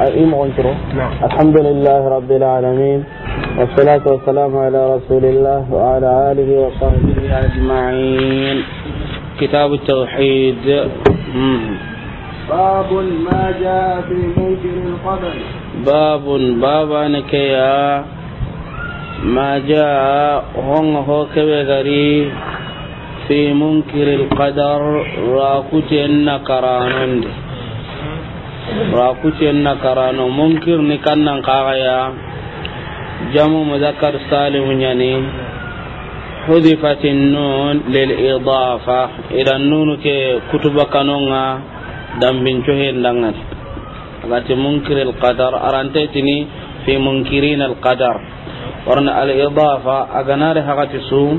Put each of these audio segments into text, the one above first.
ايه ما نعم الحمد لله رب العالمين والصلاة والسلام على رسول الله وعلى آله وصحبه أجمعين كتاب التوحيد باب ما جاء في منكر القبر باب بابا نكيا ما جاء هم هو كبيري في منكر القدر النكران عندي rakucen na karano munkir ni kannan kagaya jamu muzakkar salihu nyani حذفت النون للإضافة إلى النون كي كتب كانونا دم بن شهير لنغت التي منكر القدر أرانتيتني في منكرين القدر ورن الإضافة أغنار هغت سو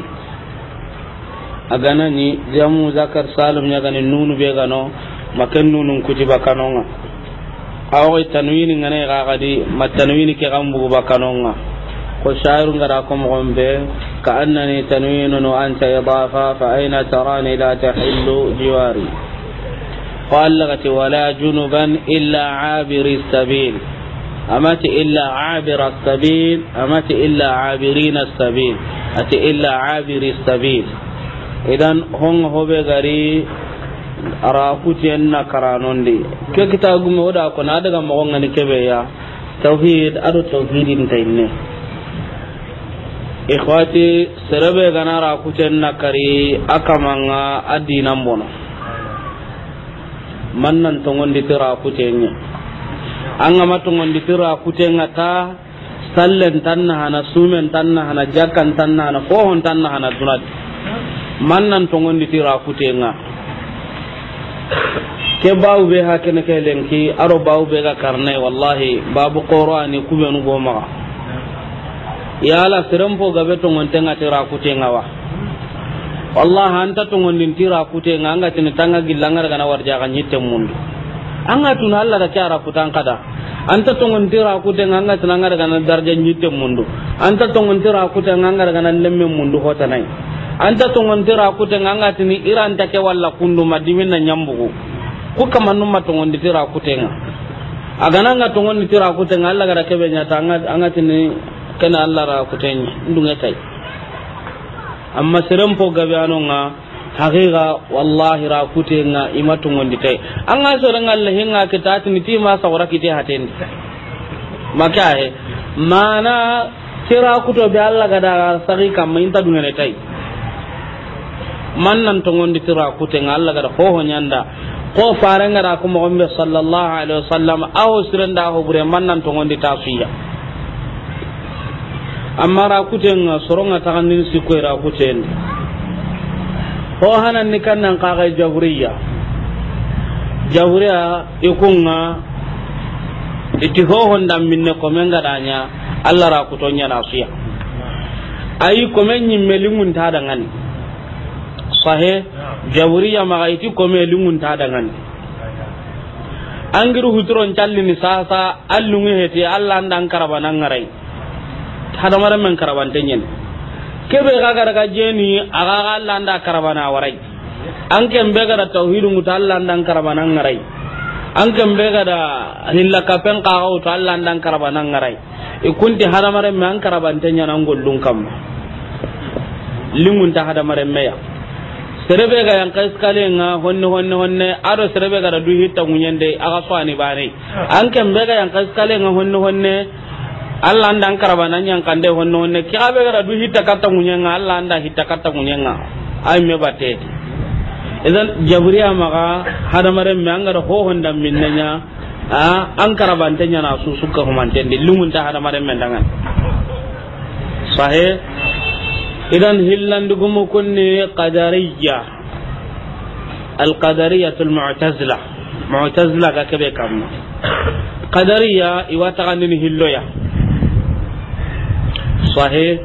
أغناني جمو ذكر سالم يغني النون بيغنو مكن نون كتب كانونا awoy tanwini ngane ga gadi ma tanwini ke gambu bakanonga ko shairu ngara ko mogombe ka annani tanwinun wa anta idafa fa aina tarani la tahillu jiwari قالت wala junuban إلا عابر السبيل أمت إلا عابر السبيل أمت إلا عابرين السبيل أت إلا عابر السبيل إذا هم hobe بغري ara kutiyen na de ke kita gume oda ko na daga mo ke be ya tauhid ado tauhidin tayne ikhwati serabe gana ra kutiyen na kari akamanga adina mbono mannan tongondi tira kutiyen anga matongondi tira kutiyen ta sallen tanna hana sumen tanna hana jakan tanna hana kohon tanna hana dunat mannan tongondi tira kutiyen ke bawu be ha kene ke lenki aro bawu be ga karne wallahi babu qur'ani kubenu go ma la siram ga be to ngonte ngati ra kute ngawa wallahi anta to ngondin tira kute nganga tin tanga gilangar daga na warja kan yitte mundu an ga tuna Allah da kyara kutan kada an ta tongon dira ku den an ga tuna an ga daga nan darjan yitte mundu an ta tongon dira ku den an ga daga nan lemmen mundu hota nai an ta tongon dira ku den an ga tini iran ta ke walla kundu madimin nan nyambu ku nun ma tongon dira ku den aga nan ga tongon dira ku den Allah ga da kebe nya ta an ga tini kana Allah ra ku den ndunga kai amma seren gabe anonga haqiqa wallahi ra kutenga ima tungondi tay anga sore ngalle hinga ke tati ni tima sawra kite hatendi makahe mana kira kuto be alla gada sagi kam min ta dungene tay man nan tungondi kira kutenga alla gada ho ho nyanda ko fare ngara ko muhammad sallallahu alaihi wasallam aw sirenda ho bure man nan tungondi tafiya amma ra kutenga soronga tagandin sikoy ra kutenga ho hanan ni kan nan kaga jawriya jawriya ikunga iti ho honda minne ko men gadanya Allah ra kutonya nasiya ayi ko men nyi melingun ta dangan sahe jahuriya maga iti ko melingun ta dangan angiru hutron challi ni sasa allungu heti Allah ndan karabanan ngarai hada maran men karabantenyen kebe ga gara ga jeni aga ga landa nda karabana warai an kan be gara tauhidun mutu Allah nda karabana ngarai an kan be gara hilla kapen ka ga uta Allah nda karabana ngarai kunti haramare me an karabante nya nan gollun kam limun ta hadamare me ya serebe ga yan kai skale nga honne honne honne aro serebe ga duhi ta munyande aga so bare an kan be ga yan kai skale nga honne honne Allah ndan karaba nan yang kande wonno ne ki abe gara du hita katta munyenga Allah nda hita katta nga ay me batte idan jabriya maga hada mare me angara ho honda minnanya a an karaba antenya na su suka humanten di lumun ta hada mare men dangan sahe idan du gumu kunni qadariyya al qadariyatul mu'tazila mu'tazila ga kebe kamma qadariyya iwata ganin hilloya sahih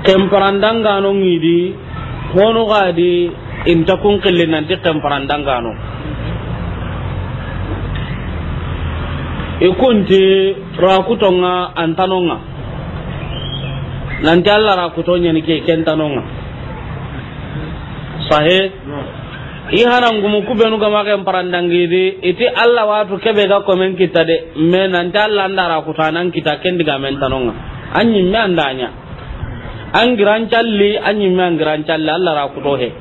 gano ngidi hono gadi inta kun kille nanti ikunti rakutonga antanonga nanti alla rakutonya ni ke kentanonga i hanangumu kubenu gamaken parandangidi iti allah watu kebe ga komen kita de me nanti allah andara kutanan kita kendigamen tanonga an ñimme andaña an girancalli an ñimme an calli. allah ra kuto he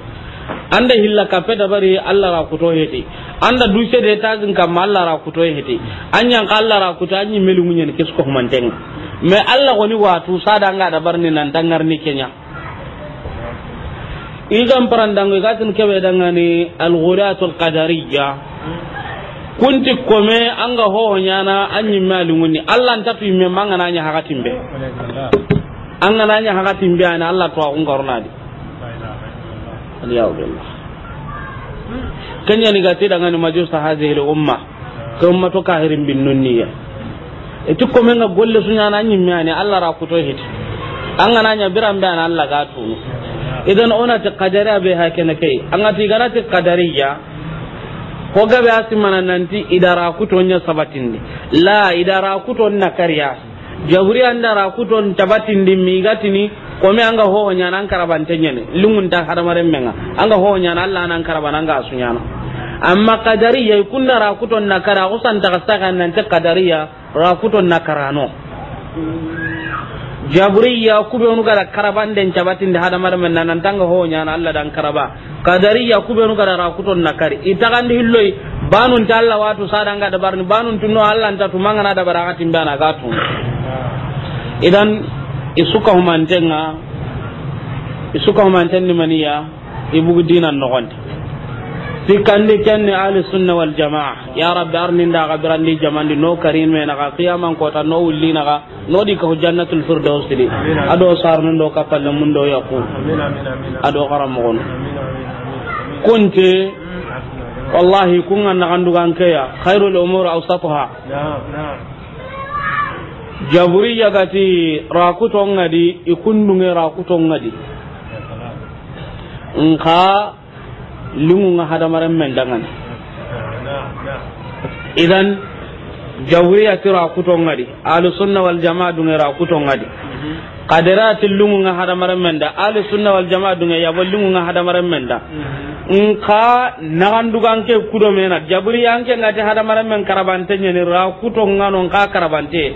anda hilla kappe dabari allah ra kuto heti anda duse de tagin kamma allah ra kuto heti an ñanka allah ra kuto an ñimmelimuñeni kiskohumantenga mais allah goni watu sadanga dabarni nantangarni kenya idan parandango gatin kebe dangane al ghuratul qadariyya kunti kome an ga hoho nyana an yi malin wani allah ta fi mai manga na nya hakatin be an ga na nya hakatin be ana allah to akun garuna di aliyahu billah kanya ni gati dangane majus ta hadhihi al-umma ka ummato kahirin bin nunniya eti kome ga golle nya na an yi mai allah ra kuto hit an ga na nya biran be ana allah ga tunu Ah. idan ona ta bai hake na kai an ati kadari ya ko gabe asimana nanti idara sabatin ne la idara kuton na kariya jaburi andara kuton tabatindi migatini an anga ho nyana an karabante ne lungun ta haramaren menga anga ho nyana Allah nan karabana anga na amma qadariya kunna rakuton na kara usan ta saka nan ta ya rakuton na no jabriya onu gara karaban den cabatin da hada mar nan nan tanga ho nyana Allah dan karaba kadariya kubenu gara rakuton nakari itagandi hilloi banun ta Allah watu sadanga da barni banun tunno Allah ta tumanga da barakatin bana gatu idan isuka humantenga isuka humantenni maniya ibugudina dinan sikandi kenni ahli sunna wal jamaa ya rabbi arni nda ga birandi jamandi no karim me naga qiyaman kota no wulli naga no di ka jannatul firdaus di ado sarnu do kapalle mun do yaqu ado gon hmm. wallahi kun an khairul umur gati ngadi ngadi lingu nga hadamaren men dangan idan jawriya tira kuton ngadi ahlus sunna wal jamaa dungira kuton ngadi mhm. qadarati lungu nga hadamaren menda sunna wal jamaa dunga lungu nga hadamaren menda nka kudo mena ngati hadamaren men karabante ra kuto ngano nka karabante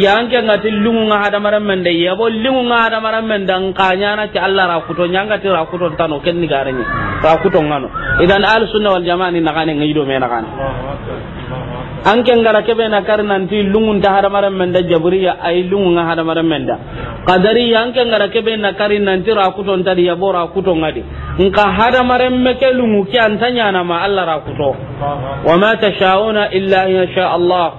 yanke ngati lungu nga hadamaren menda lungu nga hadamaren menda nka nyana ra kuto ra kuto tano ken ni ra kuto ngano idan ahli sunna wal jamaa ni nagane ngido mena kan an ken gara kebe na kar nanti lungun ta men da jabriya ay lungun men da qadari an ken gara kebe na kar ra kuton tadi ya bora kuton ngadi nka haramaran ke lungu ki antanya na ma Allah rakuto wa ma tashauna illa in sha Allah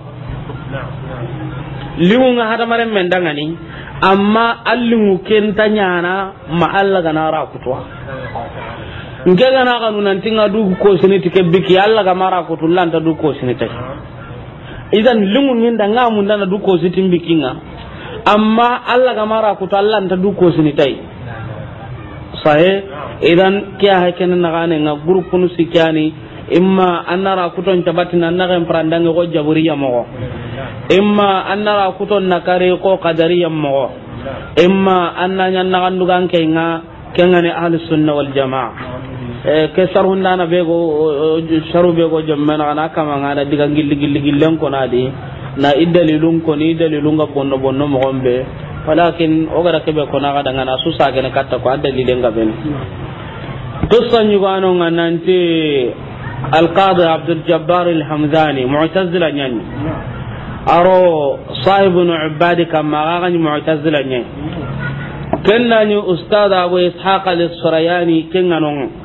lungun men da ngani amma allungu ken tanya na ma Allah ra kuto nke gana kanu nanti nga du ko sini tike biki alla ga mara ko tullanta du ko sini tay idan lungu min da ngamu dana du ko sitin biki nga amma alla ga mara ko tallanta du ko sini tay sahe idan kiya hakken na gane nga nu sikani imma annara kuton nan na naga prandange ko jaburiya mo imma annara kuton kare ko qadariya mo imma annanya nagandugan kenga ne ahlus sunna wal jamaa Eh, ke sarhun dana be go bego eh, na kana kama ngana diga gilli gilli gillen ko di na idalilun ko ni dalilun ga bonno bonno mo gombe walakin o gara be ko na ga daga na su sa gane katta ko adalilen ga ben to sanyu ga no nganante القاضي jabbar al الحمداني mu'tazila nyani aro sahibun ma ga ni mu'tazila nyani kenna ni ustada abu ishaq al-surayani kenna non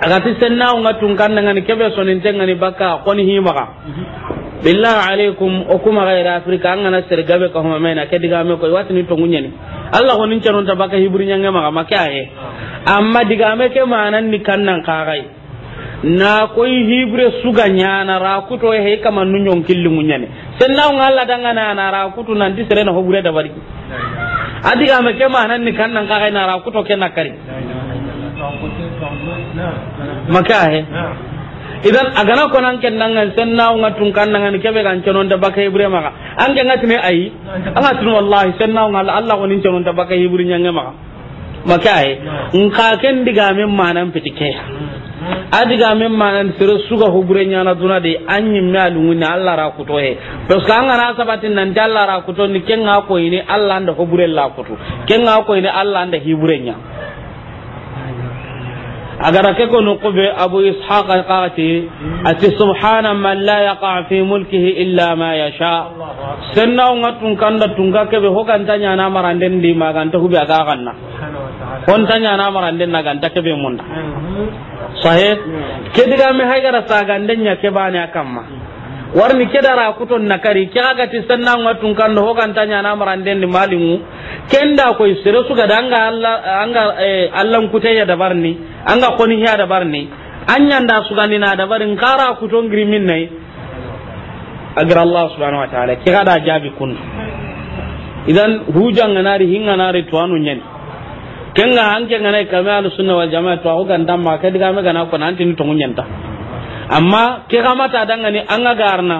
agati sennawu nga tun kan nga ni tunkandangani keɓe sonintengani bakka koni maka billah alaikum o kuma gaira afrika an gana sir gabe ka homa mena ke diga me koy watini to ngunya ni allah ko nin canon tabaka hibri nyanga ma ma kaye amma diga me ke manan ni kan kannan ka gai na koy hibre suga nyana ra kuto e he kama nunyon killi ngunya ni sen na ngalla danga na na ra kuto nan ti sere na hobure da bari adiga me ke manan ni kan kannan ka gai na ra kuto ke nakari makahe idan agana ko nan ken nan sen nawo tun kan nan kebe kan cenon da baka ibre maka an ngati ngatne ayi an ngatun wallahi sen nawo ngal Allah ko nin cenon da baka ibre e nyanga maka makahe in ka ken diga men manan fitike adiga men manan sire suga hubure na duna de anyi malu ni Allah ra kuto he to que an ana sabatin nan Allah ra kuto ni ken nga ko ini Allah anda hubure e la kuto ken nga ko ini Allah anda hibure e nya agara ke ko nukube abu ishaq alqati ati subhana man la yaqa fi mulkihi illa ma yasha senna nga tun kanda tunga ke be hokan tanya na maranden di maganta hubi aga kanna kon tanya na maranden na ganta ke be munda sahe ke diga me haigara saganden nya ke bani akamma warni kedara kuton nakari aga ti sanna ngatun kan ho kan tanya na maranden ni malimu kenda ko isire suga danga alla anga eh, allan kuteya da barni anga koni ya da barni anya nda su ni na da barin kara kuton grimin nai agar allah subhanahu wa ta'ala ki gada jabi kun idan hujan nganari hinga nari tuanu nyen kenga hanke nganai kamal sunna wal jamaa to ho kan damma diga me gana ko nanti ni to ngunyanta amma ke gamata dangane an ga garna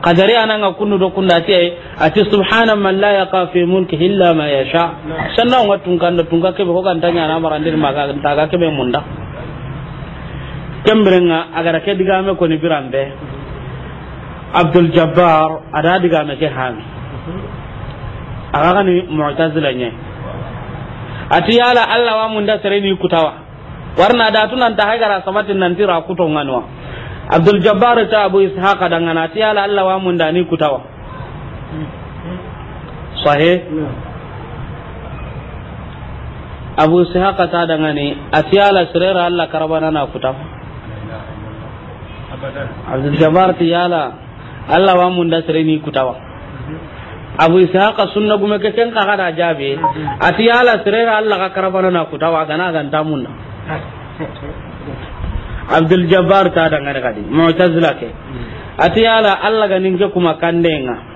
kadari anan ga kunu do kunda ti ay ati subhana man la yaqa fi mulki illa ma yasha sannan wa tungkan da tunga ke ko kan tanya na maran din maga ta ga ke be munda ga agara ke diga me ko ni birambe abdul jabbar ada diga me ke han aga ni mu'tazila nye ati yala allah wa munda sare ni kutawa warna da tunan ta hagara samatin nan tira kuton ganwa abdul jabbar ta abu ishaqa dangana ti ala allah wa mun dani kutawa sahe abu ishaq ta dangane ati ala sirra allah karabana na kutawa abdul jabbar ti ala allah wa mun da sirri kutawa abu ishaq sunna gume ke ken kaga jabe hmm. ati ala sirera alla ka karabana na kutawa gana gan tamunna abdul jabbar ta dangane kadi mu'tazila ke hmm. ati yala allah ga ninke kuma kandenga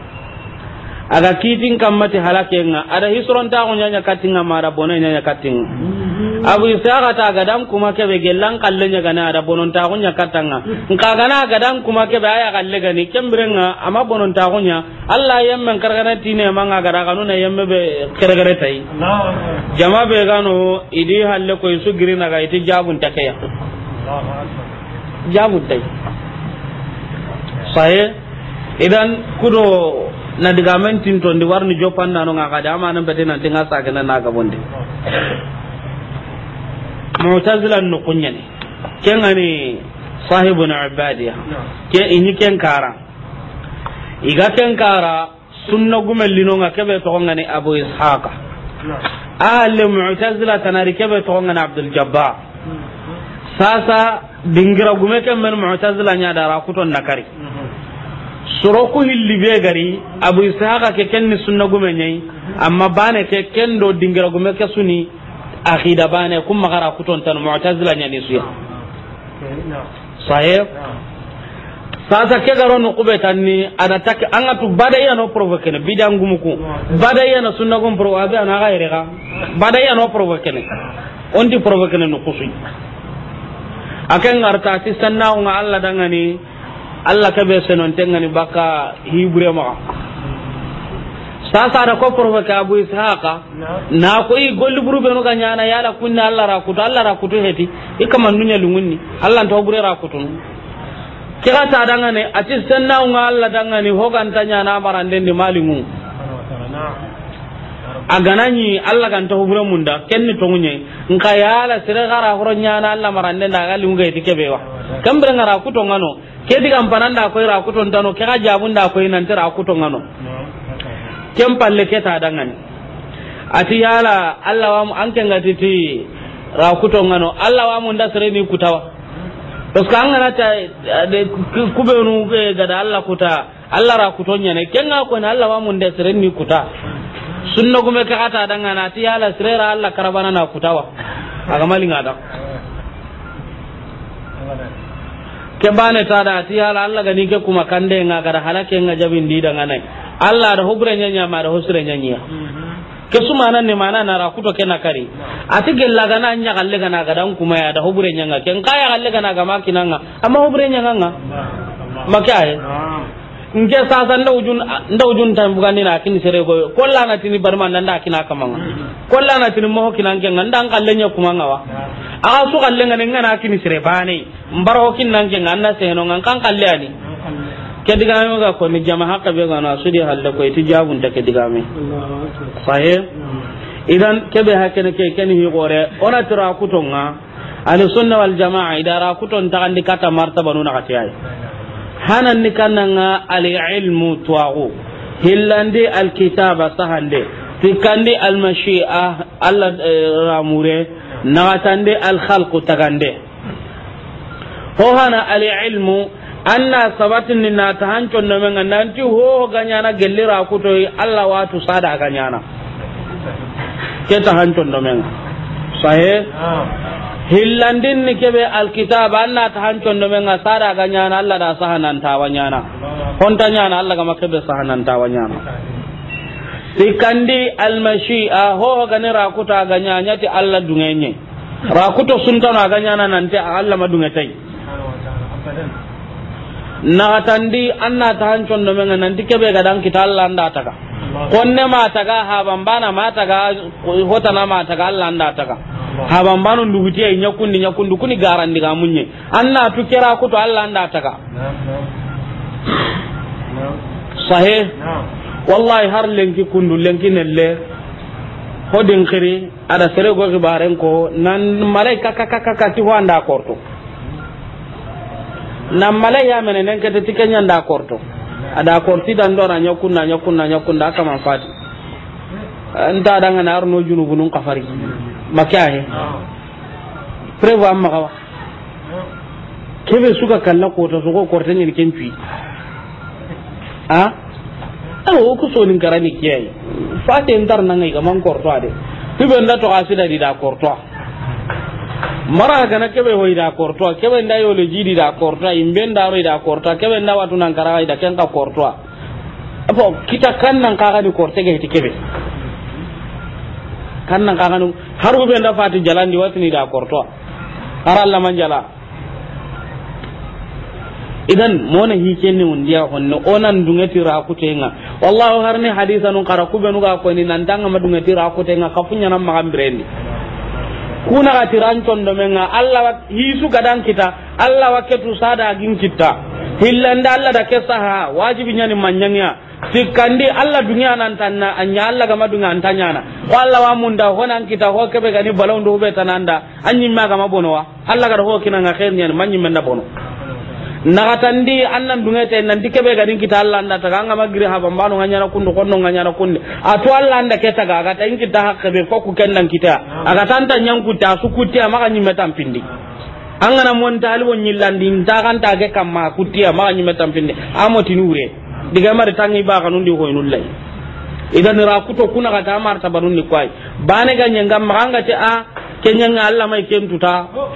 aga kitin kammati nga ada ta ko nyanya katinga mara bono nyanya katinga mm-hmm. abu isaga ta gadam kuma kebe gellan kalle nya gana ada bonon ta ko nya katanga nka gana gadam kuma kebe aya kalle gani nga ama bonon ta ko nya allah yemmen kargana tine manga gara kanu na yemme be kargare tai jama be gano idi halle ko isu girina ga iti jabun takeya jabun tai sai idan kudo na diga men tinto ndi warni jopan nanu nga kada amanan bete nan tinga sake na ga bonde mu'tazila nu ni ken ani sahibun ibadiya ke ini ken kara iga ken kara sunna lino nga kebe to ngani abu ishaqa ahli mu'tazila tanari kebe to ngani abdul jabbar mm-hmm. sasa dingira gume ken men mu'tazila nya dara kuton nakari mm-hmm. soroku hilli be gari abu ishaqa ke kenni sunna gume nyai amma bane ke kendo dingira gume ke suni akida bane kum magara kuton tan mu'tazila nyani suya sahib sasa ke garo no kube tanni ana anga tu bada yana provoke ne bidan gumuku bada yana sunna gum provoke ana gaire ga bada yana provoke ne ondi provoke ne no kusui akan ngarta ti sanna unga Allah dangani allah ka be senon tengani baka hibure ma sa da kofar ka abu ishaqa na ko i golli buru be no ga nyana yala kunna allah ra kutu allah ra kutu heti man nunya lungunni allah to bure ra kutu kira ta dangane a ci sanna nga allah dangane hogan tanya na barande di malimu a nyi allah kan taho bure munda kenni tongunye nka yala sire gara horo nyana allah marande da ga lunga heti kebewa kambere ngara kuto ngano ke diga da koy ra kuton tano ke ga da koy nan tira kuton ngano ke palle ke ta dangan ati yala Allah wa mu an kan gatiti ra kuton ngano Allah wa mu ndasre ni kutawa to ka an ngana ta kube nu ga da Allah kuta Allah ra kuton ne ken ga ko Allah wa mu ndasre ni kuta sunna gume ka ta dangana ati yala sre ra Allah karabana na kutawa agamali ngada da ke bane ta da ti hala Allah gani ke kuma kande nga gara halake nga jabin di da nganai Allah da hubre nya ma da husre nya mhm. ke suma nan ne mana na rakuto ke na kare ati laga na nya galle na gadan kuma ya da hubre nga ke kaya galle na ga nga amma hubre nyanga nga makaye nke sasa ndaw jun tan bugandi na kini sere go kolla na tini barma nan da kina kamanga kolla na tini mo kina ngenga ndan kallenya kumanga wa aga su kallenga nenga ngana kini sere bane mbaro kin nan ngenga na seno ngan kan kallani ke diga me ga ko ni jama hakka be ga na su di halle ko iti jabun ta ke diga me sahe idan ke be hakke ne ke ken hi gore ona tira kutonga ani sunna wal jamaa idara kuton ta kan kata martaba nuna katiyai hanan ni kananga al ilmu tuwaku hilandi al kitaba sahande tikkandi al mashi'a alla eh, ramure nagatande al khalqu tagande ho hana al ilmu anna sabatin ni na hancon no nanti ho ganyana gellira kuto alla watu sada ganyana keta hancon no menga sahe ah. hillandin ni kebe alkitab anna ta hancon do men asara ga nyana Allah da sahanan ta wanyana honta nyana Allah ga makabe sahanan ta wanyana sikandi almashi'a ho ga ne rakuta ga nyanya ti Allah dungenye rakuto sunta na ga nyana nan ti Allah madungetai naxatandi an na taxan menga nanti keɓe gadan kita allah anda taka konne ma taka taga habanbana ma taka taga na ma taka allah anda an da taga habanbano ndugutiye ñakkundi ñakkundi kuni garandiga muñe an na tu kera ko to allah anda taka sahe wallahi har lenki kundu lenki nelle hodin khiri ada serego xibaren ko nan malaika kakakakati ho anda korto nan mala ya mene nan kata tikanya da korto ada korti dan dora nya kunna nya kunna nya kunna aka man fati nta dan na arno junubu nun kafari makya he prevo amma kawa kebe suka kalla kota su ko korta ne ken tui a awo ku so nin karani kiyai fati ndar nan ga man korto ade tibe nda to asida di da korto mara gana kebe hoy da korto kebe nda yole jidi da korto imbe nda ro da korto kebe nda watu nan kara da kenka korto apo kita kan nan kaga ni korte ge kebe kan nan kaga nu har go fati jalan di watu ni da korto ara Allah man jala idan mona hike ne undiya honno onan dungati ra tenga wallahu harni hadisa nun kara kubenu ga ko ni nan tanga madungati ra tenga kafunya nan magambreni kuna ga tiran do menga allah wa hisu gadan kita allah wa ketu sada agin kita hillanda allah da ke saha wajibi nyani manyanya sikandi allah dunya nan tanna anya allah gama dunya antanya na walla wa munda honan kita ho kebe gani balon do be tananda anyi ma ga mabono wa allah ga ho kinanga khair nyani manyi menna bono naxatandi an nan dungete nanti keɓe gadin kita allah anda taga angama giri habambano nga ñana kunu konno nga ñana kunde atu allah anda ke taga agata in kita haqqeɓe kokku kendan kitea agatanta ñankutte a ma amaxa ñimmetan pindi an gana mon talibo ñillandi ntaxanta ke kamma kutte amaxa ñimmetan pindi a motini wure diga mari tangi ba baxanundi hoynullay idan ra kuto kuna ga ta tabarun ni kwai bane ga nyanga maganga te a kenya nga Allah mai kentuta oh,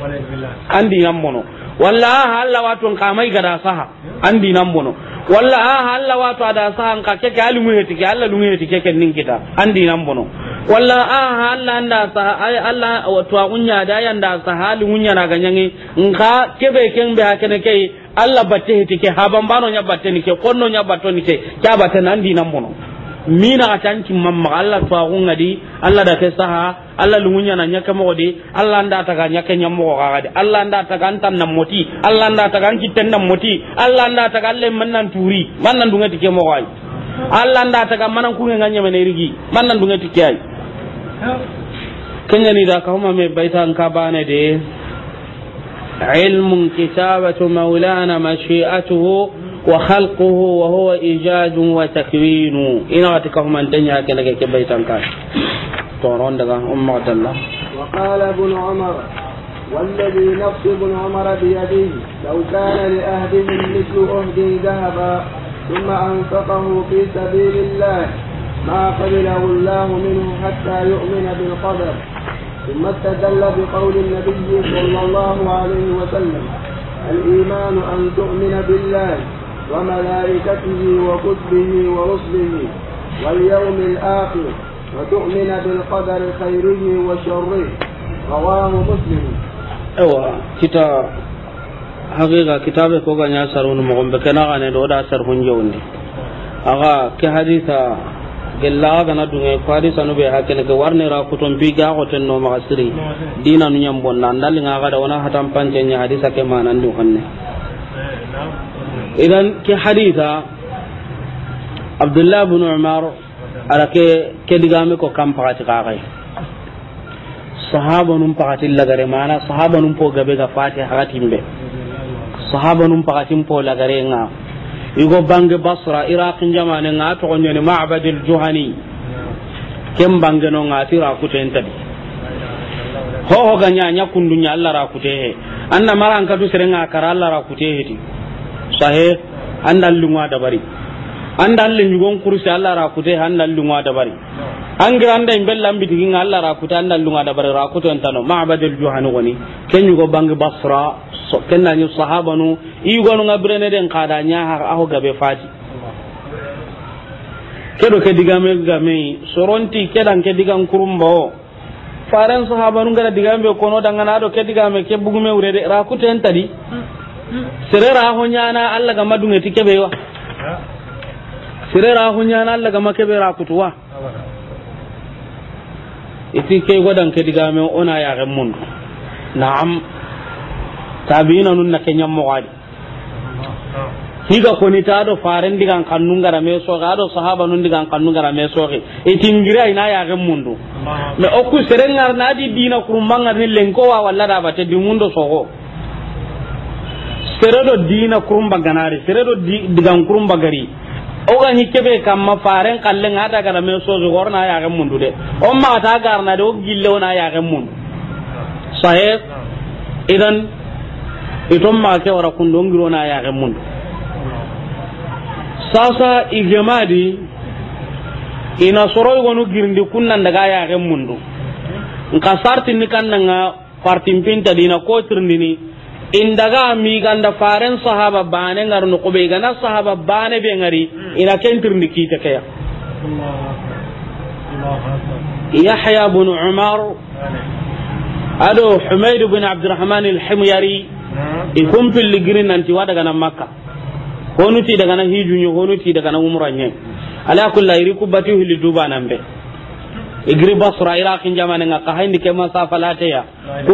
andi yammono walla a halla wato kamai ga da saha an dinan bono walla a halla wato da saha ka ke ali limu heti ke alla lumu heti ke nin kita an dinan bono walla a halla anda saha ay alla wato unya da da saha unya na ganyangi nka kebe ken be kene kai alla batte heti ke haban bano nya batte ni ke konno nya batto ni ke ka batte nan dinan bono mina ka tan cin mamma Allah fa agun ngadi Allah da kai saha Allah lungunya na nyaka mo de Allah anda ta ga nyaka mo ga de Allah anda ta ga antan nan moti Allah anda ta ga kitan nan moti Allah anda ta ga le mannan turi mannan dunga tike mo ga Allah anda ta ga manan kunga nganya mene rigi mannan dunga tike ai kanya ni da ka huma me baita an ka bane de ilmun kitabatu maulana mashi'atuhu وخلقه وهو إيجاد وتكوين إن غتكهم أن تنيا كنك كبيتا كاش تورون دغا أم الله وقال ابن عمر والذي نفس ابن عمر بيده لو كان لأهدهم مثل أهدي ذهبا ثم أنفقه في سبيل الله ما قبله الله منه حتى يؤمن بالقدر ثم استدل بقول النبي صلى الله عليه وسلم الإيمان أن تؤمن بالله وملائكته وكتبه ورسله واليوم الآخر وتؤمن بالقدر خيره وشره رواه مسلم أيوة كتاب haqiqa kitabe ko ganya sarun mo gombe kana gane do da sar hun jawni aga ke haditha gella ga na dunga ko haditha no be hakken ke warne ra ko ton bi ga ko ton no ma asiri dina nu nyambon bonna ndal nga ga da wana hatam panje nya haditha ke manan du hanne idan ke haditha abdullahi bin umar ala ke ke diga digame ko kam pakati kakai sahaba nun pakati lagare mana sahaba nun po gabe ga fati be sahaba nun pakati po lagare nga igo bange basra iraqin jamane nga to ko gonne ma'badil juhani kem bange no nga tira ku ten tabi ho ho ganya nya kundunya allah ra kute he anna maran ka du serenga kara allah ra kute he sahe andallunga dabari anda alle ñugon kursi allah rakute handallunga dabari angira anda imbel lambitiginga allah rakute andallunga dabari rakute entano mabadel juhani goni ke ñugo bangi basra so, kennañu sahabanu iigonunga birene den kada ñaha aho gabe fati kedo ke digame gamei soronti kedan ke digan kurumba o faren sahabanu ngara digame be kono dangana do ke digame ke bugume wurede rakute entadi hmm. serera honyana allah ga madunge tikebe wa serera na allah ga makebe ra kutuwa iti ke godan ke diga me ona ya ga mun na'am tabina nun na kenya mo gadi higa ni ta do faren diga nun gara me so ga do sahaba nun diga nun gara me so ke iti ngira ina ya ga mun do me okku serengar na di dina kurumanga ni lengko wa walla da bate di mun do sogo seredo dina kurumba ganari seredo digan kurumba gari o ga ni kebe kam ma faren kalle ngada ga me so zo gorna ya ga mundu de o ma ta garna de o gille ona ya ga mundu sahib idan idan ma ke wara kundo giro na ya ga mun sasa igemadi ina soro gonu girndi kunnan daga ya ga mundu nka sartin ni kan nan partin pinta dina ko tirndini indaga mi ganda faren sahaba bane ngar no kobe gana sahaba bane be ngari ina kentir ni kita kaya yahya bin umar ado humayd bin abdurrahman al-himyari ikum fil ligrin nanti wada gana makka honuti daga na hijunyo honuti daga na umranye ala kulli iri kubati nambe igiri basura iraki jamane nga ka haindi kema safalateya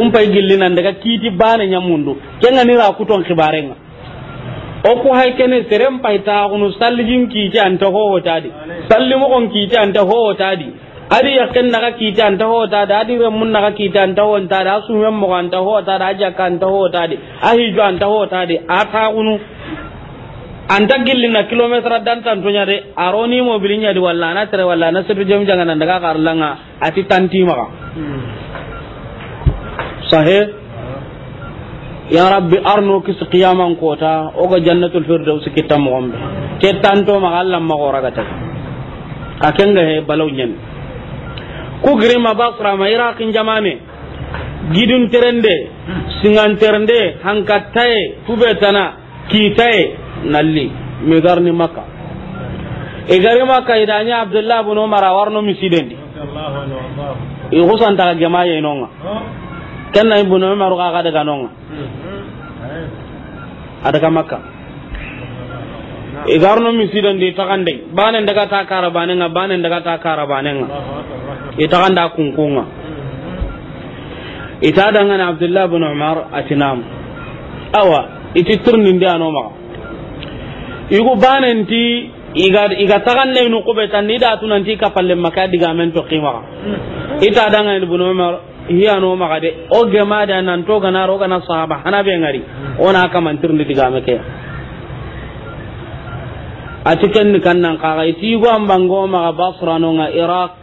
umpa gillinan daga kiti bane nyamundu kenga nira kuton khibare nga o ko hay kene serem pay ta kunu salli jin ki ti an ta ho tadi salli mo kon ki ti an ta ho tadi ari ya ken naga ki ti an ta ho tadi adi re mun naga ki ti an ta ho tadi asu mo kan ta ho tadi aja kan ta ho tadi ahi jo an ta ho tadi ata kunu anta gillina kilometre dantantoña de aroni mobiliñadi walla ana tere walla ana setu jam anda ndaga xarlanga ati maka sahih ya rabbi arno kis qiyaman kota oga jannatul firdaus kitta moxonɓe ke tanto ma allanmaxoraga tag a kenga he balaw nyen ku girima basra ma iraqin jamane gidun terende singan terende hankattaye kubetana kiitaye nalli mi garni makka gari makka idani abdullah ibn umar warno sidendi i husan ta gema ye nonga kenna ibn umar ga ga daga nonga adaka makka mi sidendi takande banen daga ta kara banen banen daga ta kara i takanda kunkunga ita dangana abdullah ibn umar atinam awa iti ni da no maka igu banenti iga iga tagan ne nu tan ni da nanti ti kapalle maka diga men to qima mm. ita danga ni bunu mar hiya no maka de o ma da nan to gana ro gana sahaba hana be ngari ona ka mantir ni diga me ke a cikin ni kan nan kai ti go ambango maka basra no nga iraq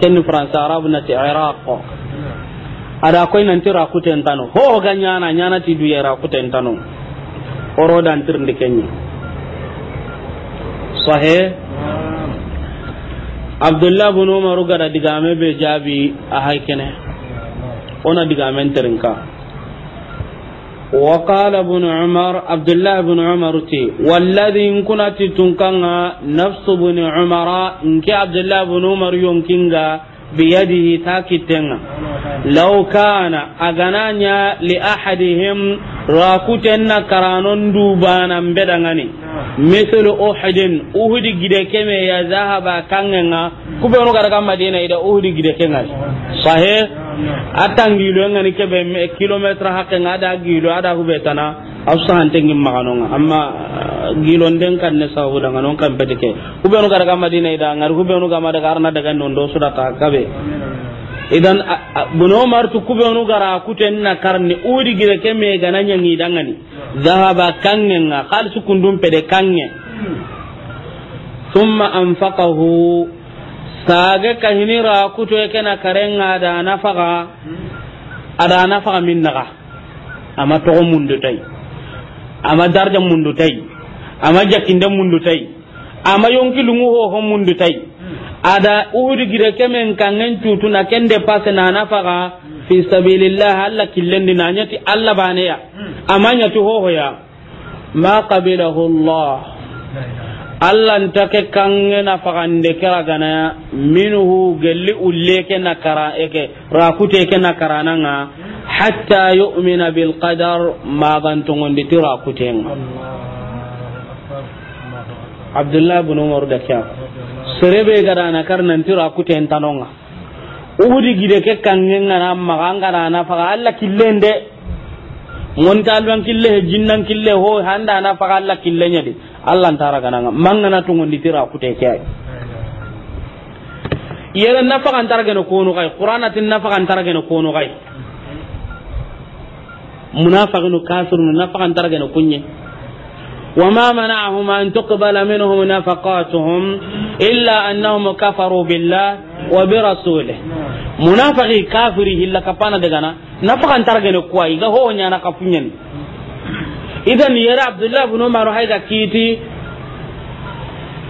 ken france arab na ti iraq mm. ada koy nan tira kuten tano ho ganya na nyana ti du ya ra kuten tano oro da antir ndikenyi sahe abdullah bin umar gara digame be jabi a haikene ona digame terinka wa qala ibn umar abdullah ibn umar ti walladhi kunati tunkanga nafs ibn umar inki abdullah ibn umar yonkinga biyadihi takitenga law kana agananya li ahadihim rakuten na karanon dubanan bedangani misalu uhudin uhudi gide keme ya zahaba kanganga kube no karaga madina ida uhudi gide kenga sahe ngani kebe gilo ada hubetana amma kan ne sawu daga non kan bedeke madina ida ngar daga arna daga non do kabe idan buno martu kubenu gara kuten na karni udi gire ke me gananya ngi dangani zahaba kange nga su kundum pede kange thumma anfaqahu sage kahinira kuto ke na karenga da nafaga ada nafaga min naga ama to mundu tai ama darja mundu tai ama jakinda mundu tai ama yonki lungu ho ho mundu tai ada uhudi gire kemen kangen cutu na kende pase na nafaga fi sabilillah alla killendi na nyati alla bane ya amanya tu hoho ya ma qabilahu allah alla ntake kange na fagande kera gana minuhu gelli ulleke ke na kara eke rakute eke na karana nga hatta yu'mina bil qadar ma gantongondi ti rakute nga abdullah bin umar da kiyama serebe garana karnan tira kuten tanonga uhudi gide ke kangen ngana maga ngana na faga alla killende mon talwan kille jinnan kille ho handa na faga alla killenya di alla ntara gananga mangana tungon di tira kute kay yere na faga ntara gano kono kay qur'ana tin na faga ntara gano kono kay munafiqun kafirun na faga ntara gano kunye وما منعهم أن تقبل منهم نفقاتهم إلا أنهم كفروا بالله وبرسوله منافقي كافري إلا كفانا دقنا نفقا ترغن كواي إذا هو نانا كفنين إذا يرى عبد الله بن عمر هذا كيتي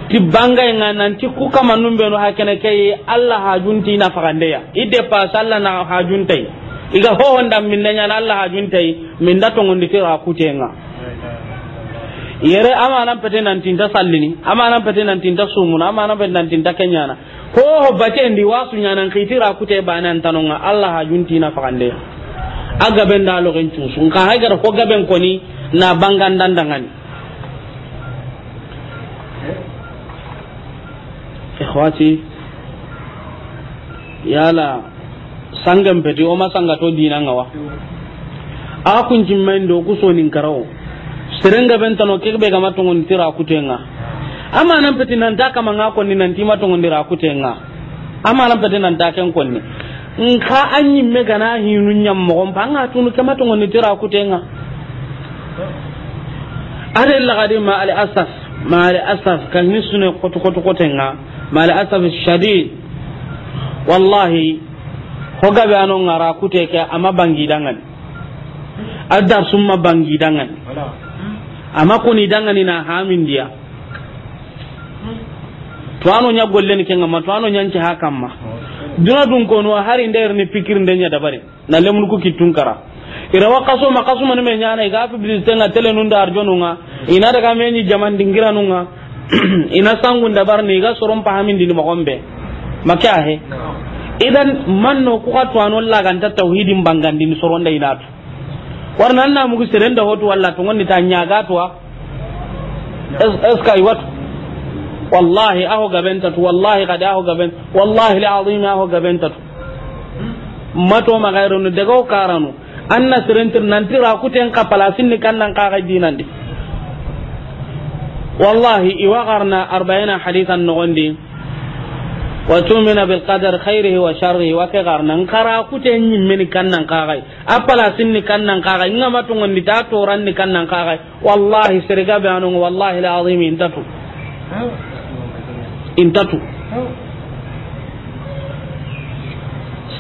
tibanga nga nan nanti ku kama numbe no hakene kay Allah ha junti na fagandeya ide pa salla na ha hajuntai iga ho honda minna nya Allah ha hajuntai min da datongondi tira kutenga yere amanan pete tinta sallini amanan pete tinta sumuna amanan pete tinta kenyana ho ho bace ndi wasu nyana khitira kute banan tanonga allah ha na fakande aga ben da logen sun ka ha gara ko gaben koni na bangan dandangan ikhwati yala sangam pete o ma sangato dinanga wa a kun jimmen kusoni kusonin karawo serenga no kebe ga matongon tira kutenga ama nan peti nan daka kama nga ni nan ti matongon dira kutenga ama nan peti nan daka ken ni in ka an yi mega na hinu nyam mo gon banga tunu ke matongon tira kutenga are la gadi ma al asaf ma al asaf kan ni sune kotu kotu kotenga ma al asaf shadid wallahi be anon ngara kuteke ama bangi dangan adar summa bangi dangan amma kuni dangani na hamin dia tuwano ano nya golle ni kenga ma to ano nyanci hakam ma duna dun kono hari ndayr ni pikir ndenya dabari na lemun kuki tunkara. kara wa kaso ma kaso man me nyana ga fi bidin nga tele nun da nga ina daga me ni jaman dingira nun nga ina sangun dabar ni ga soron pahamin din ma gombe makya he idan man no ku ka to ano la ganta tauhidin bangandin soron da inatu warna na mugu seren da hotu walla to ngoni ta nyaga to es es kai watu. wallahi aho gabenta to wallahi kada aho gaben wallahi alazim aho gabenta to mato magairu ni daga karanu anna sirentir nanti rakuten ka palasin ni kannan ka ga dinandi wallahi iwagarna 40 hadithan no gondi wa tumina bil qadar khairihi wa sharrihi wa kagar nan kara kute nyimmin kannan kagai apala sinni kannan kagai ngama to ngondi ta toran ni kannan kagai wallahi sirga be anu wallahi la azim intatu intatu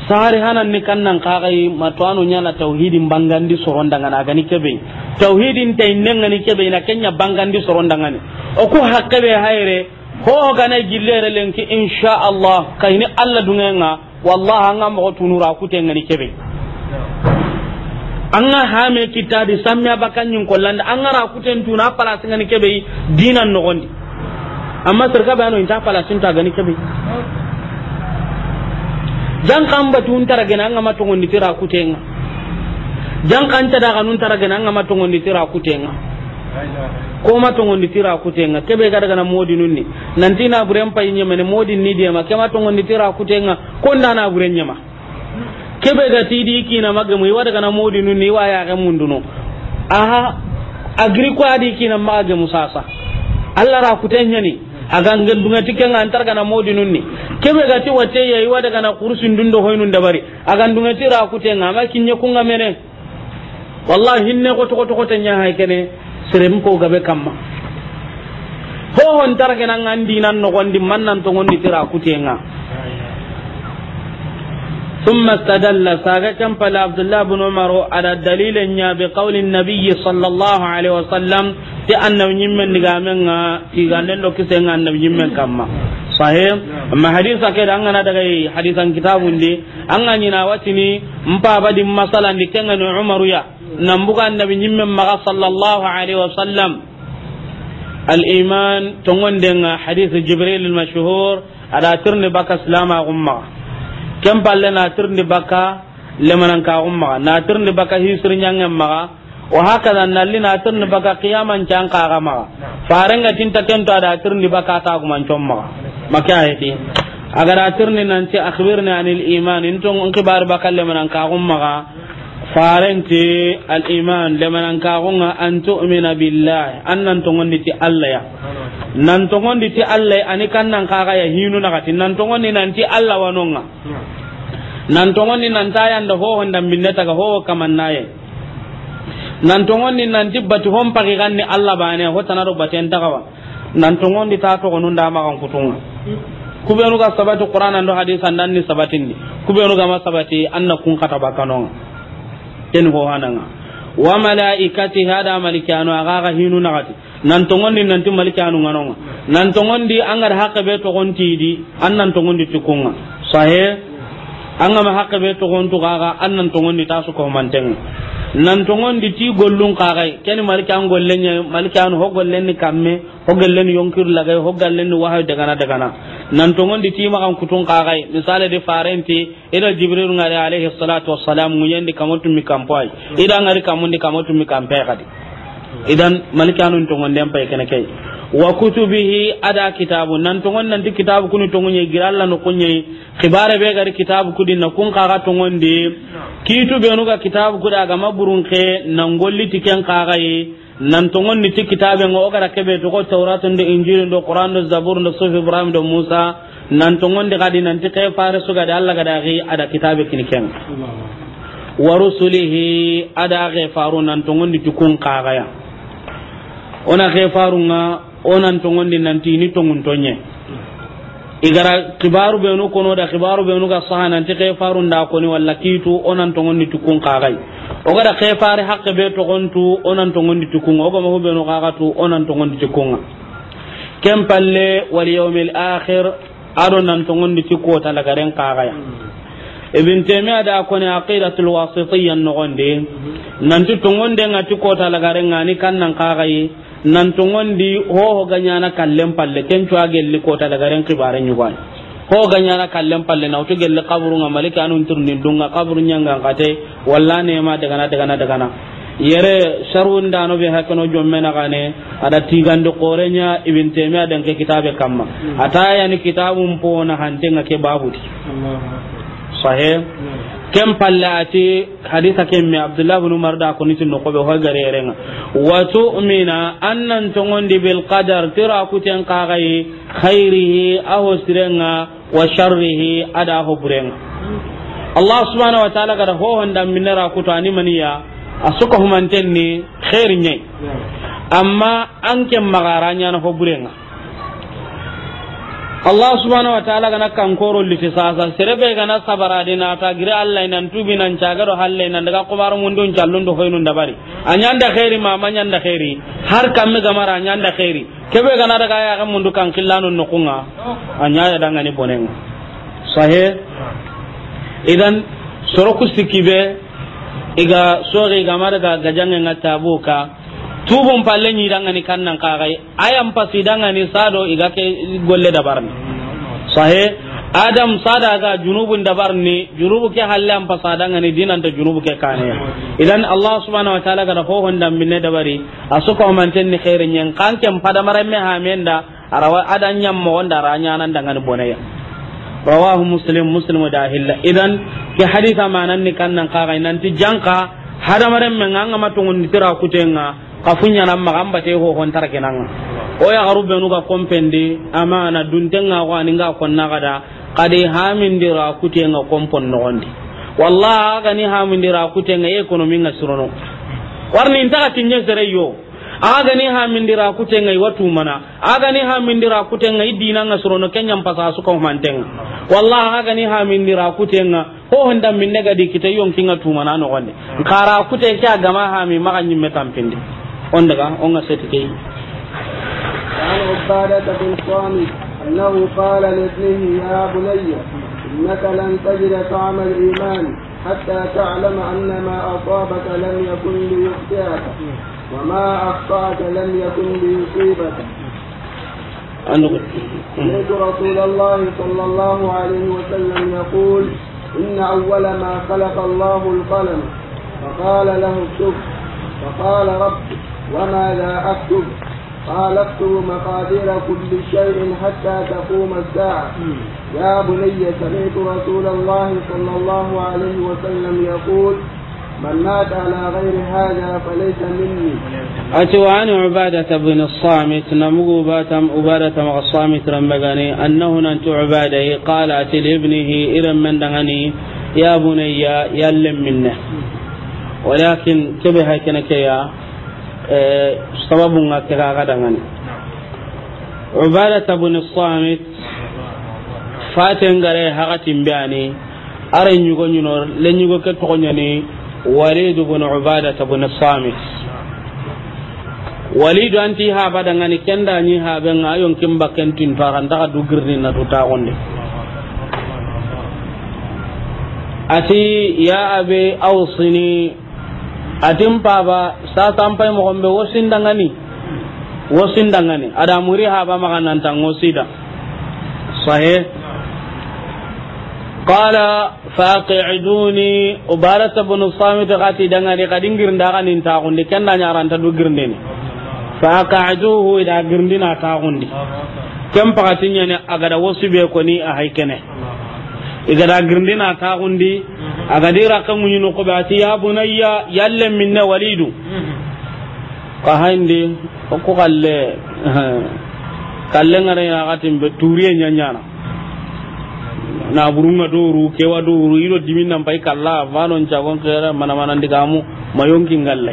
sari hanan ni kannan kagai matuanu nyana tauhidin bangandi sorondangana agani kebe tauhidin tay nengani kebe na kenya bangandi sorondangani o ko hakkabe hayre ho gana gillere lenki insha Allah kaini Allah nga wallahi nga mo tunura kute ngani kebe anga hame kitabi samya bakan nyin landa anga ra kute tuna pala ngani kebe dinan no gondi amma ka bayano inta pala ta gani kebe jan kan batun tara gena anga matongondi tira nga. jan kan da kanun tara gena anga matongondi tira nga. ko ma ngondi tira kutenga kebe gada gana modi nunni nanti na buren pay nyama ne modi ni de ma kema to ngondi tira kutenga ko nda na buren nyama kebe ga tidi na magamu iwa daga modi nunni iwa ya ga munduno aha agri ko adi kina magamu sasa Allah ra kutenya ni aga ngandunga tikanga antar kana modi nunni kebe ga ti wate yayi wa daga na kursun dundo hoynun dabari aga ndunga tira kutenga ma kinye kunga mene wallahi hinne ko to ko to ko hay kene serem ko gabe kamma ho hon tarke nan andi nan no gondi man nan to gondi tira kutenga ثم استدل ساقا كم عبد الله بن عمر على الدليل بقول النبي nabiy sallallahu alaihi wasallam ti annabi ñimmen digamen ga ganen do kisen ga annabi kamma sahih amma hadisa ke da angana daga hadisan kitabun di an ga ñina watini mpa di masalan di kenga no umaru ya nambuga annabi nyimme maga sallallahu alaihi wasallam al iman tongondenga hadith jibril al mashhur ala tirni baka salama umma kem balle na baka lemanan ka umma na baka hisri nyanga wa hakadan nalli na tirni baka qiyaman jan ka gama farenga tinta kento ada tirni baka ta kuma chomma maka ayati agar atirni nanti akhbirni anil iman intong inkibar baka lemanan ka umma farenti al-iman lemanan kaxunga an tumina billahi an nan togondi ti allah ya nan togondi ti allah ya ani kan nan kaxa ya hinu naxati nan nan ti allah wanonga nan togondi nanta yanda hoho ndambinne taga hoho kamannaye nan togondi nanti bati hon paxi ganni allah bane ho tanaro baten taxawa nan togondi ta togonu ndamaxan kutunga kubenu ga sabati qur'an ando hadisan danni sabatinni kubenu ga ma sabati anna kun kata bakanonga ken ho hananga wa malaikati hada malikanu aga ga hinu nagati nan tongondi nan tin malikano nganonga nan tongondi angar hakabe to gonti di an nan tongondi tukunga sahe an ga hakka be to gon to gaga annan to gon ta su ko manten nan to gon di ti gollun kaga ken malika an gollen nya malika an ho gollen ni kamme ho gollen yonkir lagai ho gollen ni wahay daga na daga na nan to gon di ti ma kan kutun kaga misale de farenti ida jibril ngare alaihi salatu wassalam munyen di kamatu mi kampai ida ngari kamundi kamatu mi kampai kadi idan malika an to gon dem pay kenake wa kutubihi ada kitabu nan to wannan duk kitabu kunu to ngunye giralla no kunye khibare be gar kitabu kudi na kun kaga to ngondi kitu be no ga kitabu kuda ga maburun ke nan golli tiken kaga yi nan to ngonni ti kitabe ngo gara be to ko tawratun de injilin qur'an do zabur do sufi ibrahim do musa nan to ngondi gadi nan ti kay fare su gadi da Allah ga da gi ada kitabe kini ken wa rusulihi ada faru nan to ngondi tukun kaga ya ona ghafarunga onan tongondi nanti ni tongun tonye igara kibaru no kono da kibaru no ga saha nanti ke farun da koni walla kitu onan tongondi tukun kagai ga da ke fari hakke be tu onan tongondi tukun be no benu tu onan tongondi tukun kem palle wal yawmil akhir ado nan tongondi tukko talagaren kagaya ibn taymiya da kone aqidatul wasitiyya nogonde nanti tongonde ngati ko ren ngani kan nan kagai nantongondi hohoganyana kallen palle ken cuwa gelli kota daga ren kibare nyugwani hohoganyana kallen palle na wato gelli kaburu nga maliki anu ntirni dunga kaburu nyanga nkate wala nema dagana dagana dagana yere sharwin da no bi hakan o jomme na kane ada tigande korenya ibn taymiya dan ke kitabe kamma hmm. ataya ni kitabun po na hante nga ke babuti sahe hmm. kem ati hadisa kem mi abdullah ibn umar da ko nitin ko be ho gare renga wa tu'mina annan tongondi bil qadar tira ku ten ka gai khairihi aw sirenga wa sharrihi ada ho burenga allah subhanahu wa ta'ala kada ho honda minara ku tani maniya asuka humantenni khairin nyai amma an kem magaranya na ho burenga allah subhanahu wa ta'ala gana kankorolli ti sasa serebe gana sabaradi ta gire allah nan tubi nan cagado halle nan daga kubar mundun callundu hoynun dabari a khairi ma mama ñanda xeeri har kamme gamara a ñanda xeeri kebe gana daga yaxe mundu kan xillanun nokunga a ni bonenga sahe idan soroku sikkibe iga sori gamara daga gajangenga tabuka tubun palle ni dangani kannan kagai ayam pasi dangani sado iga ke golle barni sahe adam sada ga junubun barni junubu ke halle an pasa dangani dinan da junubu ke kane idan allah subhanahu wa taala ga ho honda minne dabari asuko man ni khairin yan kanke pada maremme ha menda arawa adan nyam mo wanda ranya nan dangani bonaya rawahu muslim muslim da hilla idan ke haditha manan ni kannan kai nan ti janka hadamaren men an ga matungun ditira kutenga kafunya nan magan bate ho hon tar kenan o ya garu benu ga kompende amana dunten ga ko kon na kada kade hamin dira kute nga kompon no gondi wallahi ni hamin dira kute nga economy nga surono warni ka tinje sere yo aga ni hamin dira kute ngai watu mana aga ni hamin dira kute ngai dina nga surono kenyam pasa su ko manten wallahi ga ni hamin dira kute nga ho honda min daga dikita yon kinga tu no gonde kara kute kya gama ha mi maganyi metampinde on daga on ga seti kay بن صامت أنه قال لابنه يا بني إنك لن تجد طعم الإيمان حتى تعلم أن ما أصابك لم يكن ليخطئك وما أخطأك لم يكن ليصيبك سمعت رسول الله صلى الله عليه وسلم يقول إن أول ما خلق الله القلم فقال له اكتب فقال رب وما لا أكتب قال اكتب مقادير كل شيء حتى تقوم الساعة يا بني سمعت رسول الله صلى الله عليه وسلم يقول من مات على غير هذا فليس مني أتوا عن عبادة بن الصامت نمو باتم عبادة الصامت رمبغني أنه ننت عباده قال أتي لابنه إرم من دغني يا بني يلم منه ولكن كبه كنك يا sababu nga ke kaga dangane ubadata bin samit faten gare hakatin biyani are nyugo nyuno le nyugo ke nyani walid bin ubadata bin samit anti ha kenda ni ha ben ayon kimba kentin faranda ka dugirni na tuta gonde ati ya awsini atin paba sa sampai mo gombe wosin dangani wosin dangani ada muri haba makanan tang wosida sahih qala faqiduni ubarat ibn samit gati dangani kadin girnda kanin ta kundi kenna nyaran ta du girndeni faqaduhu ida girndina ta kundi kem pakatinya ne agada wosi be ko ni a haikene igada girndina ta kundi agadira kan munyi no ko bati ya bunayya yalle minna walidu ka hande ko kalle kalle ngare ya gatin be turiye nyanyana na burunga doru kewa doru ido diminna bay kala vanon kera mana mana ndigamu mayonki ngalle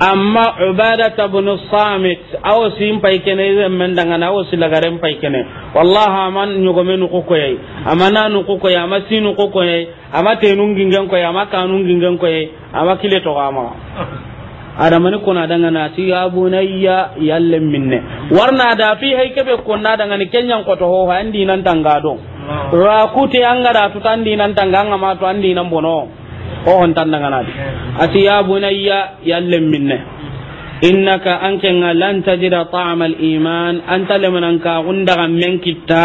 amma ubadata bnu samit awo sin pay kene men dangana awo silagaren pay kene wallahu ama ñogome nuku koyey ama na nuku koye ama si nuku koyey ama tenu ngingen koye ama kanu ngingen koye ama kile togama adamani kuna dangana ti ya bunayya yallen minne warna da fi hay kebe kunna dangani kenyan koto ho andi nan tangado rakuti angara tutandi nan tanganga ma to andi nan bono ko hon tan daga nadi ati ya bunayya yallem minne innaka an nga lan tajida ta'am al-iman an anta lemnan ka gunda men kitta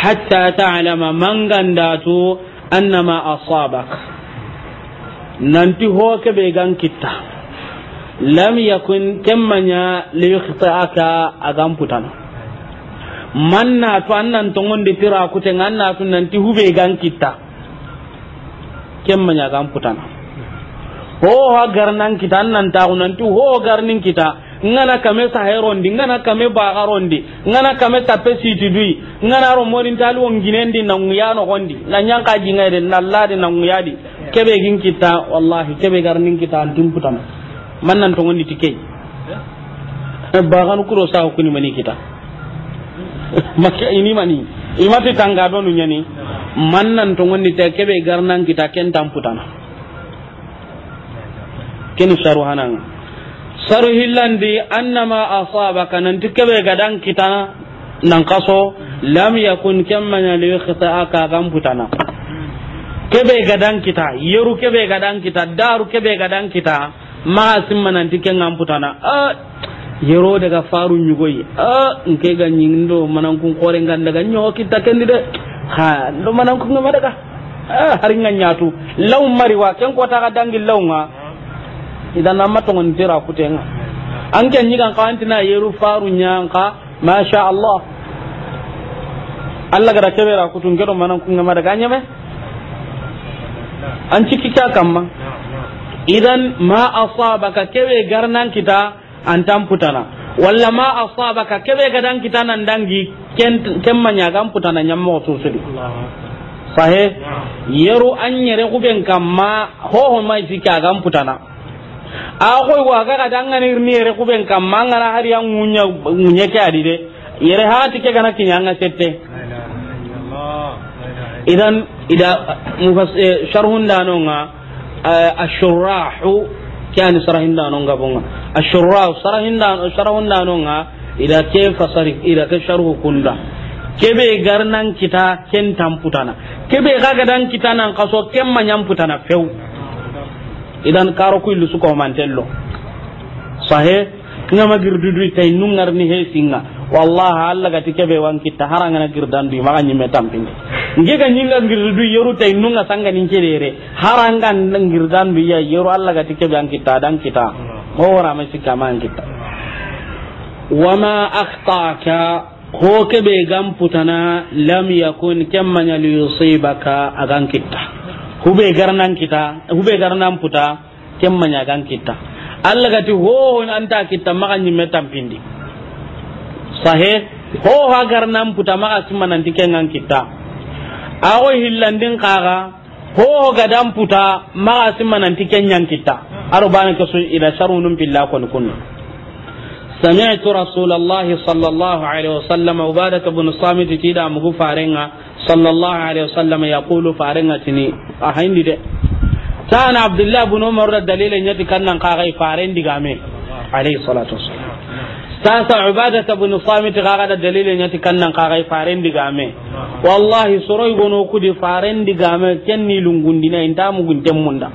hatta ta'lama man gandatu annama asabak nanti ho ke be gan kitta lam yakun kemmanya li yakhta'aka agam putana man na to annan tongon de tira kute ngan na to nanti hube gan kitta kemma k'am putana ha garnan kita nan ta hunan tu ho garnin kita ngana kame di ngana kame di ngana kame tappe dui ngana ro morintali wonginendi na nguya nogondi na ñanka jingayde nalladi na nguyadi kebe gin kita wallahi kebe garnin kita antum putana man nan togondi ti key baganu kuro ko ni mani kita hmm. maka ini mani imati tanga donu ñani man nan to ngonni ta kebe garnan kita ken tamputana ken saru hanan saru hillandi annama asabaka nan ti kebe gadan kitana nan kaso lam yakun kamman li khataaka gamputana kebe gadan kita yeru kebe gadan kita daru kebe gadan kita ma nan ti ken gamputana yero daga faru ñugoyi a nke ga ñindo manan kun kore ngan daga ñoo kitta kendi de ha do manan ku ngama daga hari nga nyatu law mari wa ken kota ga dangi law nga idan amma to ngon tira ku tenga an ken kan ka na yeru faru nyanka masha Allah Allah gara kebera ku tun gedo manan ku ngama daga nyame an ciki ka kamma idan ma asabaka kewe garnan kita an tamputana walla ma asabaka kebe gadan kitana dangi ken ken manya gam putana nyammo susudi sahe yero an yere kuben ma ho ho mai sika gam putana ko wa ga gadan ngani ni yere kuben ma ngana hari an munya munya ke adi de yere ti ke gana kinyanga sette idan ida eh, sharhun danonga eh, ashurahu kyani sarahinda non bonga ashurra sarahinda sarahunda non ga ida ke fasari ida ke sharhu kunda kebe garnan kita ken tamputana kebe gaga dan kita nan kaso ken manyan putana feu idan karo ku illu suko mantello sahe ngama girdudu tay nungar ni he singa wallahi alla ga wan kita haranga na nge ga yeru tay sanga ni haranga ya yeru alla ga an kita dan kita ko ma sikka man kita wama akhtaka ko gam putana lam yakun yusibaka agan kita hube garnan kita hube garnan puta kita allah gati hohon anta kitta maga ñimme tampindi sahe hoha garnan puta maga simma nanti kengan kitta ago hillandin kaga hoho gadan puta maga simma nanti kenyan kitta aro bana ke so ila sharunun billa kon kunna سمعت رسول الله صلى الله عليه وسلم عبادة بن الصامت تيدا مغفارنا صلى الله عليه وسلم يقول فارنتني أهين sana abdullah ibn umar da dalilin yadda kannan ka gai farin diga me alayhi salatu wassalam sa ubada ibn samit ka da dalilin yadda kannan ka gai farin diga me wallahi soroi gono ku di farin diga me kenni lungundina inta mu mun da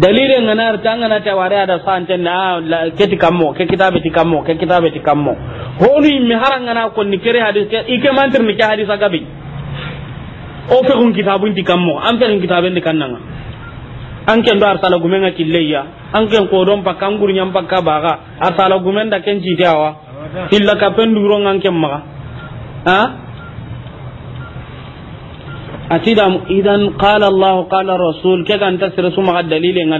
dalilin ngana ta na ta ware da san tan na keti kammo ke kitabe ti kammo ke kitabe ti kammo honu mi haranga na ko ni kere hadis ke ike mantir mi ke hadisa gabi o fe gun kitabun ti kammo am fe kun kitaben ni kannanga an do arsala gumen ga killeya an ko don pakka an gurnyam pakka baga arsala gumen da ken jitawa illa ka penduro an ken maga ha atida idan qala allah qala rasul ke kan tasira suma dalile nga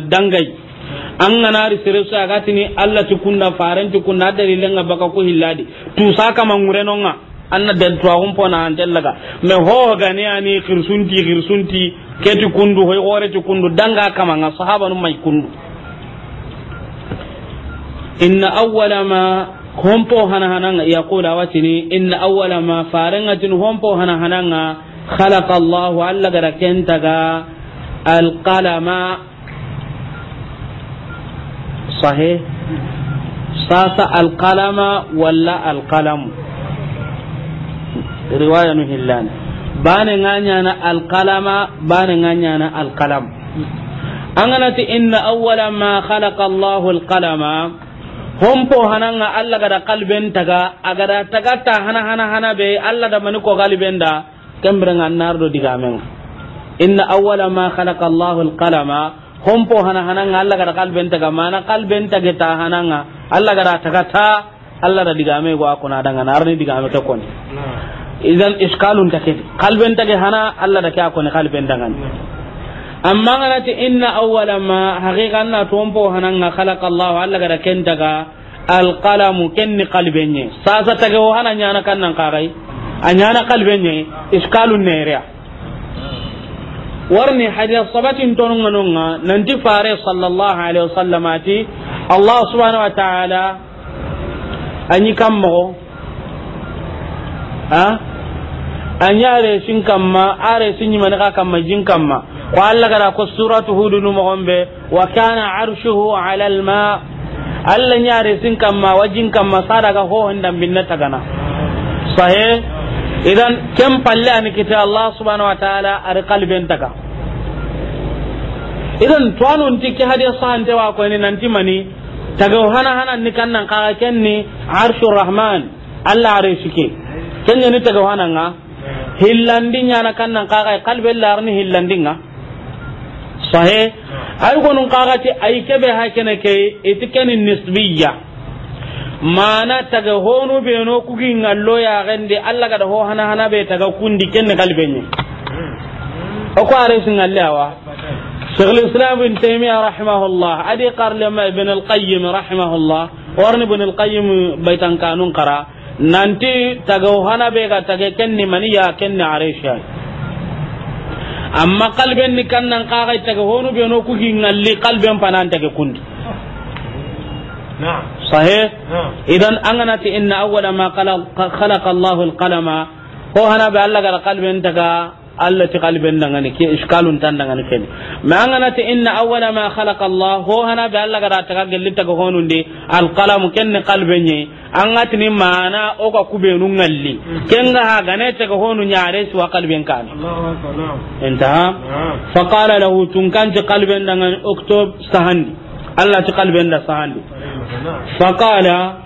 an ngana ri sire su aga allah tukunna faran tukunna dalile nga baka ko hilladi tu saka mangure nonga anna del to agum pona antellaga me ho gani ani khirsunti khirsunti keti kundu hoy hore ti kundu danga kama nga sahaba num mai kundu inna awwala ma hompo hana hana hananga yaqula watini inna awwala ma faranga tin hompo hana hana nga khalaqa allah alla gara al qalama sahih sasa wala al alqalamu riwaya nu hillan bane nganya na alqalama bane nganya na alqalam qalam ti inna awwala ma khalaqa allah alqalama qalama hompo hananga alla gada qalben taga agada taga ta hana hana hana be alla da ko qalben da kambran annardo digamen inna awwala ma khalaqa allah alqalama qalama hompo hana nga alla gada qalben taga mana qalben taga ta hana nga alla gada taga ta alla da digame go akuna danga narni digame ta koni idan iskalun ta ke kalben ta ke hana Allah da ke kone kalben da gani amma ngana ti inna awwala ma hakika na tombo hanan ga khalaqa Allah Allah ga ken daga alqalamu kenni qalbenye sasa tage wo hana nyana kannan kagai anyana qalbenye iskalun neria warni hadiya sabatin tonon nan nanti fare sallallahu alaihi wasallam ti Allah subhanahu wa ta'ala anyi kammo ha an yi are sin kama are sin nyima ka kamma jin kama ko allah gara ko suratu hudu nu mo gombe wa kana arshuhu ala al ma Allah ya are sin jin wajin kamma sada ga ho handa binna tagana sahe idan kem palle an kita allah subhanahu wa ta'ala ar qalben taka idan an unti ke hadiya sahan tewa ko ni nan timani taga hana hana ni kannan ka kenni arshur rahman Allah are shike kenya ni taga hana nga hillandi na kannan kaga kalbe larni hillandinga sahe hmm. ay gonun kaga ti ay kebe ha kene ke itikani nisbiya mana taga honu be no kugi ngallo ya gande alla ga ho hana hana be taga kundi ken kalbe ni hmm. o ko are sin allawa شيخ الاسلام islam ibn رحمه rahimahullah adi قال ibn al qayyim rahimahullah الله ibn al qayyim baytan kanun qara' nanti taga hana be ga tage kenni mani ya kenni aresha amma kalben ni kan nan kaga tage honu be no ku gingalli kalben panan tage kundi na'am sahih idan anganati inna awwala ma khalaqa Allahu al-qalama ko hana be Allah ga kalben taga Allah ti da dangane ke iskalun tan da dangane ke ma an gana ta inna awwala ma khalaqa Allah ho hana bi Allah gara ta galli ta ga honun de al qalam kenne kalben ye an gati ni mana o ka kube nun ngalli ken ga ha gane ta ga honun yare su wa kalben kan inta fa qala lahu tun kan ta da dangane oktob sahandi Allah ti kalben da sahandi fa qala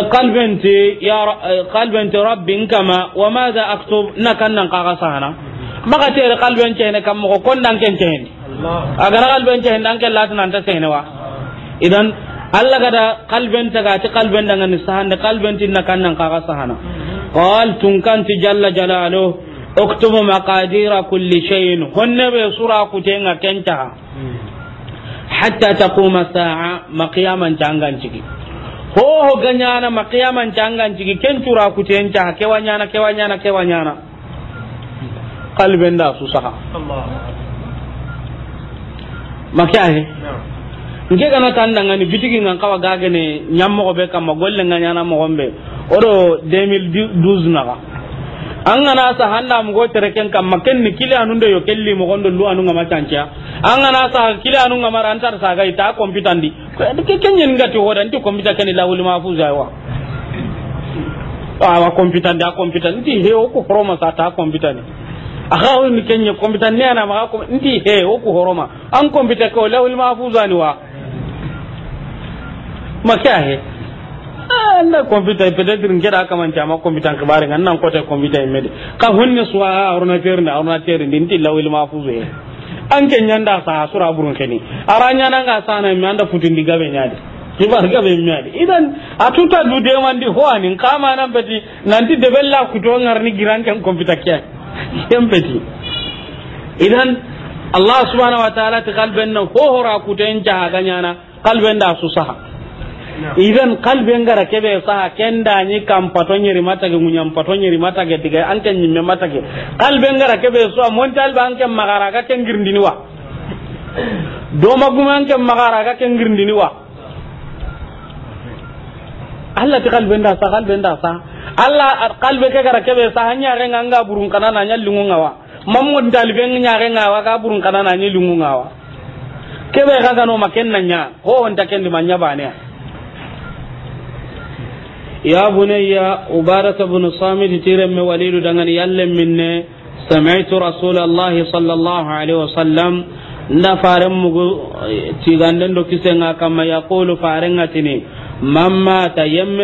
qalbenti ya eh, qalbenti rabbin kama wa madha aktub na nan qaga sana maka tere qalben cene kam ko dan ken cene agara qalben cene dan kella tan anta cene wa idan Allah gada qalben ta ga ti qalben dan ni sahan da qalben tin na nan qaga sana qal tun kan ti jalla jalalu uktubu maqadira kulli shay'in honne be sura ku tenga kenta hmm. hatta taquma sa'a maqiyaman jangan ciki ho ganyana ma qiyaman cangan cigi ken cura kuten caha kewanyana kewanyana kewanyana kalben da su saha maki ahe nke gana tan dangani bitigi ngan kawa gagene nyammogo be ma golle nganyana mogonbe odo 2012 naga an gana sa handa mu go tereken ken kam maken ni kile anun de yo kelli mo gondo lu anun ngama cancia an gana sa kile anun ngama rantar sa ga ita computer ndi ke kenyen ngati hoda ndi komputer ken la wuli mafuza wa awa komputer ndi a komputer ndi he o ko horoma sa ta computer ni aga o ni kenye computer ne ana ma ko ndi he o ko horoma an computer ko la wuli mafuza ni wa he Ah, na computer peut-être ngeda kaman man jama computer kibare ngan nan kote computer mede ka honni suwa ah, aruna terna aruna terna din lawil wil mafuze an ken nyanda sa sura burun keni aranya nan ga sana mi anda putundi gabe nyade kibar gabe nyade idan atuta du de di ho anin kama nan beti nanti de bella ku to ngarni giran kan computer kya yan beti idan allah subhanahu wa ta'ala ti kalben nan ho hora ku ten jaha ganyana kalben da su saha idan kalben gara kebe saha kenda ni kam patonye rimata ge munyam patonye mata ge tiga anke nyimme mata ge kalben gara kebe so montal banke magara ga girndini wa do an ken magara ga girndini wa Allah ti kalben da sa kalben da sa Allah kalbe ke gara kebe sa hanya re nganga burun kana na nyallungu ngawa mamun dalben nyare ngawa ga burun kana na nyallungu ngawa kebe ga no na nya ho on ta di manya bane يا بني عبادة بن صامت تيرم وليد دغن يلم من سمعت رسول الله صلى الله عليه وسلم na farin mugu tiganden do kisenga kama yaqulu farenga tini mamma ta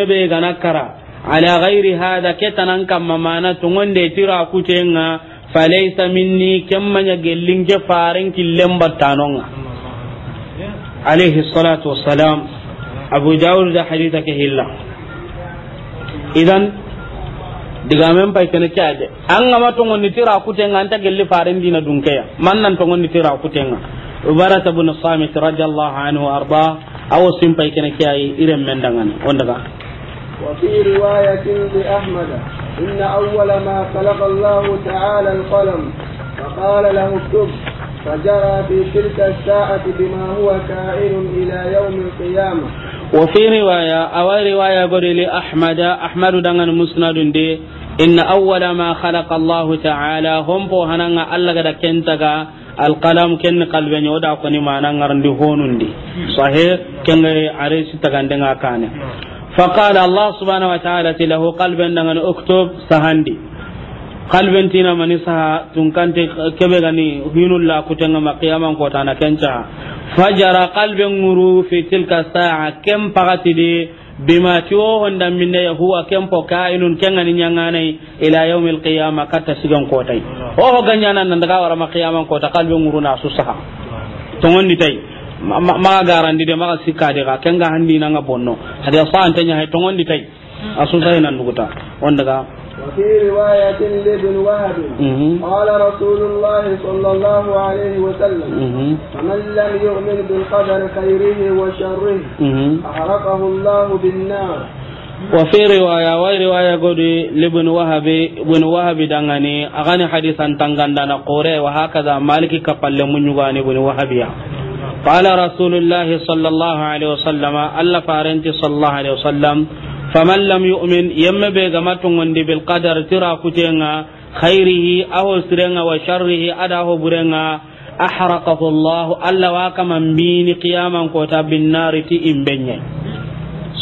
be gana kara ala ghairi hada ketanan kama mana tungonde tira kutenga falaysa minni kemma nya gellinge faren killen battanonga alayhi salatu wassalam abu daud da haditha ke idan diga men pay kene de an ngama to ngoni tira kutenga anta gelli farin dina ya man nan to ngoni tira kutenga ubarat ibn samit radhiyallahu anhu arba aw sim pay kene yi irem men dangan on daga wa fi riwayatin li ahmad inna awwala ma khalaqa allah ta'ala al-qalam فقال له bi tilka as-sa'ati bima huwa ka'in ila yawm al-qiyamah وفي رواية أو رواية قريل أحمد أحمد دعنا مسند دي إن أول ما خلق الله تعالى هم بوهنا الله قد كنتك القلم كن قلبين يودا كوني ما نعرن دي هونون دي صحيح كن عريس تغندنا كان فقال الله سبحانه وتعالى له قلبا دعنا أكتب سهندي kalben tina mani saha tun kante kebe gani hinulla kutenga ma qiyaman kenca fajara kalben nguru fi tilka sa'a kem pagati bima ti kem po kainun ni ila yawmil qiyamah kata sigan kotai daga ma qiyaman kota kalben nguru na su saha to ngondi maga garandi de maga sikade ga kenga handi bonno hada sa to on daga وفي رواية لابن وهب قال رسول الله صلى الله عليه وسلم فمن لم يؤمن بالقدر خيره وشره أحرقه الله بالنار وفي رواية ورواية قد لابن وهب ابن وهب دعاني أغاني حديثا دانا قوري وهكذا مالك كفل من يغاني ابن وهب قال رسول الله صلى الله عليه وسلم ألا فارنتي صلى الله عليه وسلم faman lam yu'min yamma be ga matongondi bil qadar tira kutenga khairihi aho sirenga wa sharrihi ada ho burenga ahraqahu Allah alla wa kama mbini qiyaman ko tabin nari ti imbenye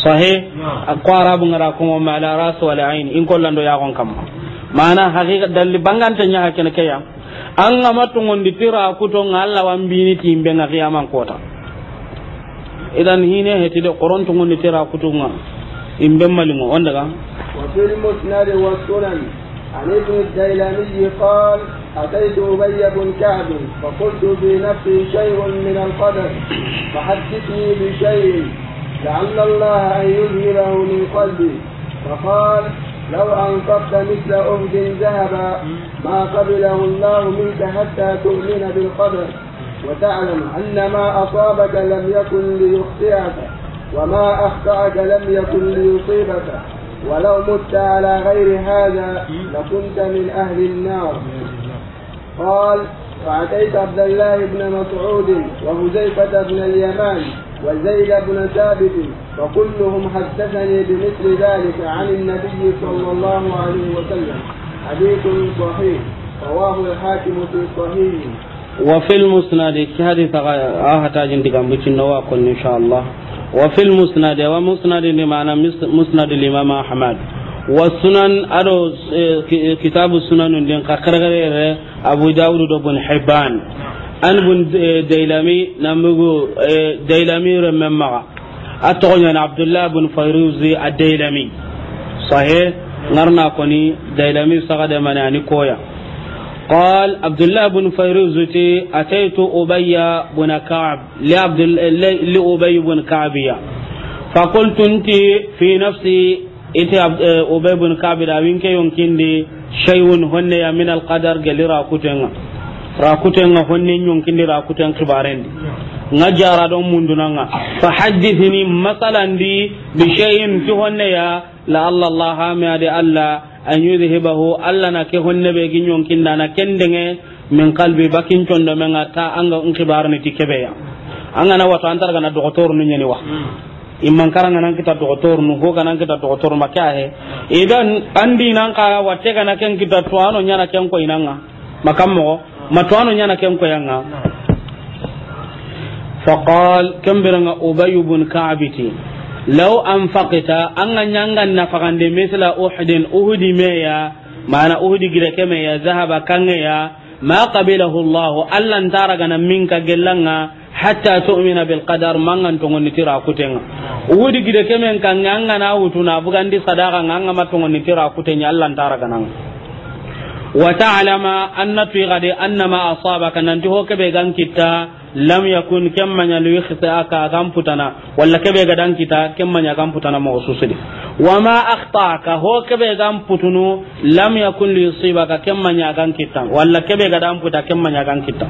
sahe akwara bungara ko ala ras wal ain in kollando ya gon kam mana haqiqa dalli bangante nya hakene kaya an ga matongondi tira kutonga alla wa mbini ti imbenga qiyaman kota idan hine heti de qoron tongoni tira kutunga إن بمالي مو وفي المسند والسنن عن ابن الديلمي قال أتيت أبي بن كعب فقلت في نفسي شيء من القدر فحدثني بشيء لعل الله أن يظهره من قلبي فقال لو أنفقت مثل أهد ذهبا ما قبله الله منك حتى تؤمن بالقدر وتعلم أن ما أصابك لم يكن ليخطئك وما أخطأك لم يكن ليصيبك ولو مت على غير هذا لكنت من أهل النار قال فأتيت عبد الله بن مسعود وهزيفة بن اليمان وزيد بن ثابت وكلهم حدثني بمثل ذلك عن النبي صلى الله عليه وسلم حديث صحيح رواه الحاكم في صحيح وفي المسند هذه آه تاجن تقام النواق إن شاء الله وفي المسند ومسند لمعنى مسند الإمام أحمد والسنن أدو كتاب السنن لين أبو داود بن حبان أن بن ديلامي نمغو ديلمي رمما أتغنى عبد الله بن فيروزي الديلامي صحيح نرنا قني ديلامي سغد مناني كويا قال عبد الله بن فيروز أتيت أبي بن كعب لعبد لأبي بن كعب فقلت أنت في نفسي إتي أبي بن كعب دابين كي يمكن لي شيء هن من القدر قال لي راكوتين راكوتين هن يمكن لي راكوتين كبارين نجار دون don فحدثني مثلا دي بشيء masalan di bi shay'in tuhunna ya la an yudhibahu alla na ke honne be gi nyon kinda na kendenge min qalbi bakin tondo men ata anga un kibar ni tikebe ya anga na wato antar kana doktor nu nyeni wa hmm. imman karanga nan kita doktor nu ho kana kita doktor maka hmm. idan andi nan ka wate kana ken kita tuano nyana ken ko inanga makammo hmm. matuano nyana ken ko yanga faqal كم برنا أبي بن كعبتي law anfaqta an na nafaqande misla uhudin uhudi meya mana uhudi gire keme ya zahaba kange ya ma qabilahu allah allah ntara gana minka gellanga hatta tu'mina bil qadar mangan tongon ni tira kutenga uhudi gire keme kange an gana hutuna bugandi sadaka nganga tongon ni tira kutenya allah ntara gana wa ta'lama anna fi ghadi anna ma asabaka nanti hoke be gan kita. lam yakun kemma manya lu khisa aka kan putana walla kebe gadan kita kemma manya kan putana ma ususidi wama ka ho kebe gan putunu lam yakun li ka kemma manya kan kita walla kebe gadan puta kemma manya kan kita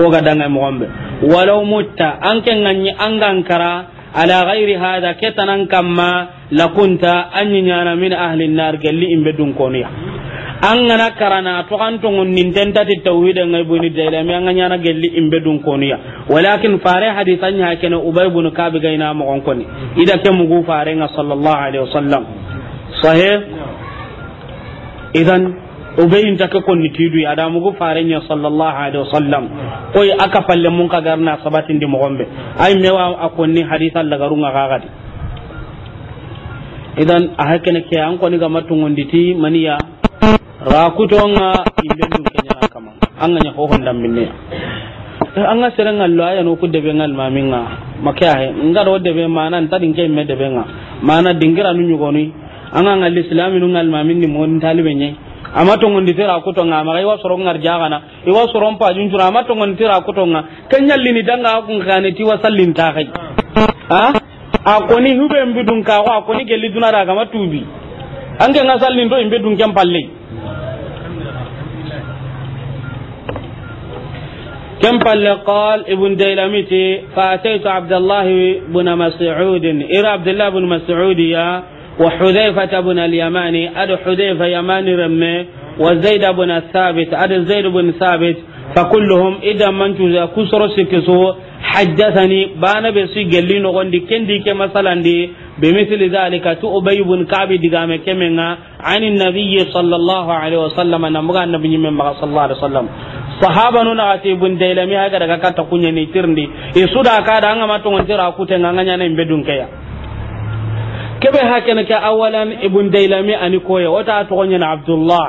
ko gadan mo gombe wala mutta an ken nganyi an gankara ala ghairi hada ketanan kamma lakunta anyi nyana min ahli nar galli imbedun koniya an gana karana to kan to nin tenta ti tauhid an ibu ni dela mi an nyana gelli imbe dun koniya walakin fare hadisan ya kana ubay bin kab gaina mo kon koni ida ke mu fare nga sallallahu alaihi wasallam sahih idan ubay inta ka konni ti du tidu ada mugu fare nya sallallahu alaihi wasallam koy aka palle mun ka garna sabatin di mo gombe ay mewa akonni hadisan la garunga gagadi idan a hakene ke an koni ga matungonditi maniya rakutonga illendu kenya kama anga nya honda minne eh, anga serenga lo aya no kudde be ngal maminga makya he ngar wodde be mana nta dinge me de nga mana dingira nu nyugoni anga ngal islami nu ngal maminni mon talibe nye amma to ngondi tira kuto nga ma iwa soro ngar jagana iwa soro pa junjura amma to ngondi tira kuto nga kenyalli ni danga ku ngane tiwa wasallin ta kai ha a koni hube mbidun ka ko a koni gelli dunara ga matubi an ga ngasallin do imbe dun kempallei كم قال ابن ديلمتي فأتيت عبد الله بن مسعود إلى عبد الله بن مسعود يا وحذيفة بن اليماني أد حذيفة يماني رمي وزيد بن الثابت أد زيد بن ثابت فكلهم إذا من تزا كسر سكسو حدثني بانا بسي جلين غندي كندي كمثلا دي بمثل ذلك تؤبي بن كعب دقام كمنا عن النبي صلى الله عليه وسلم نمغى النبي من صلى الله عليه وسلم sahaba nuna ati bun dailami haka daga kata kunya ni tirndi e suda ka da anga matongon tira ku tenga nganya na imbe dun kaya kebe na ka awalan ibn dailami ani koya wata to gonya na abdullah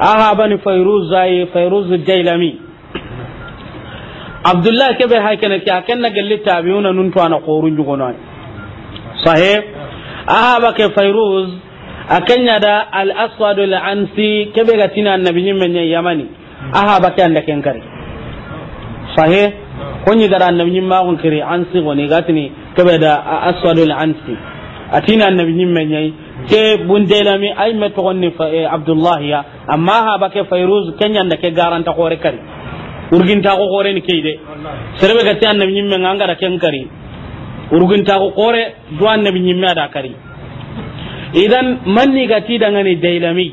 aha bani fayruz zai fayruz dailami abdullah kebe hakan ka kan na galli tabiuna nun to ana qorun jugono sahe aha ba ke fayruz akanya da al aswad al ansi kebe ga tina annabi nyimme yamani aha ba kan da ken kari sahe kunyi gara annabi yin ma kun kiri an si woni gatini kabe da aswadul ansi atina annabi yin men yayi ke bundelami ay me to gonni eh, abdullah ya amma ha ba ke fayruz kenya da ke garanta kore kari ta ko kore ni keide serbe ga ti annabi yin men an gara ken kari ta ko kore do annabi yin me da kari idan manni gati da dangane dailami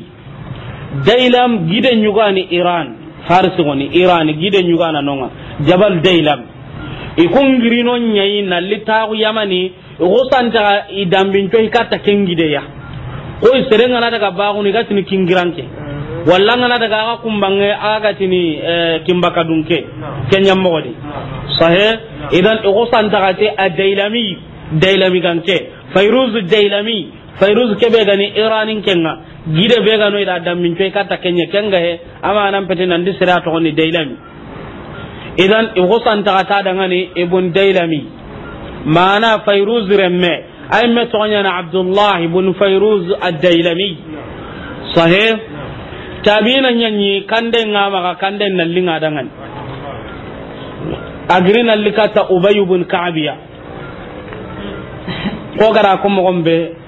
dailam gidan yugani iran fars goni iran gide nyugana nonga jabal daylam ikungirino ñayi nalli taxu yamani ixusantaxa i dambincoxi ya kengideya koy serengana daga baxuni gatini kingiranke mm-hmm. walla ngana daga axa kumbange axa gatini eh, kimbakadunke mm-hmm. ke ñammoxodi mm-hmm. sahe idan ixusantaxate a daylami daylami ganke fayruse daylami fayruz kebe gani iranin kenga gide be gano ida min kai kata kenya kenga he ama nan pete nan disira to ni dailami idan ihusan ta ta daga ni ibn dailami mana fairuz remme ay me nya na abdullah ibn fairuz ad-dailami sahih tabina ni kande ngama ka kande nallinga dangan agrina likata ubay ibn ka'biya ko gara ko mo gombe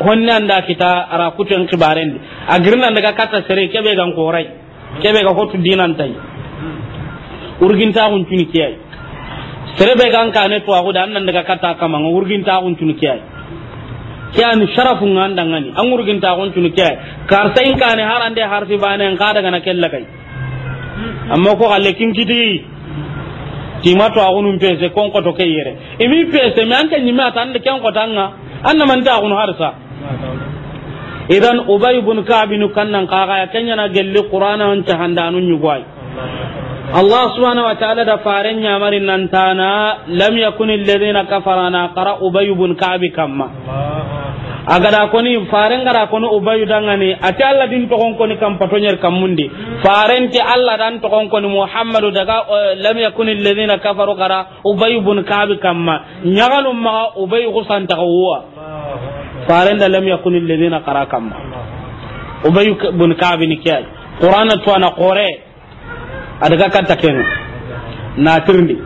honne anda kita ara yang kibarendi agirna ka kata sere kebe gan korai kebe ga hotu dinan tai urginta hun tuni kiyai sere be gan kane to ago da annan ka kata kama urginta hun tuni kiyai kiyani sharafun an dangani an urginta hun tuni kiyai kar sai kane har ande har fi bane an kada gana kella kai amma ko halle kin kiti to ago nun pese kon ko to kayere imi pese mi an kan nyima tan de kyan ko tanga anna man ta kun harsa idan ubay ibn ka'b nu kannan kaga ya kanya na gelli qur'ana an ta handanun yugwai Allah subhanahu wa ta'ala da faran ya marin nan tana lam yakun kafara na qara ubay ibn ka'b kamma aga da koni faran gara koni ubay dangane ati Allah din to kon koni kam patonyer kam mundi faran ti Allah dan to kon koni Muhammadu daga lam yakun alladhina kafaru qara ubay ibn ka'b kamma nyagalum ma ubay gusan ta huwa da lam yakun alladhina qara kamma ubay bun ka'b ni kiyai qur'ana to ana qore adaga kanta ken na tirndi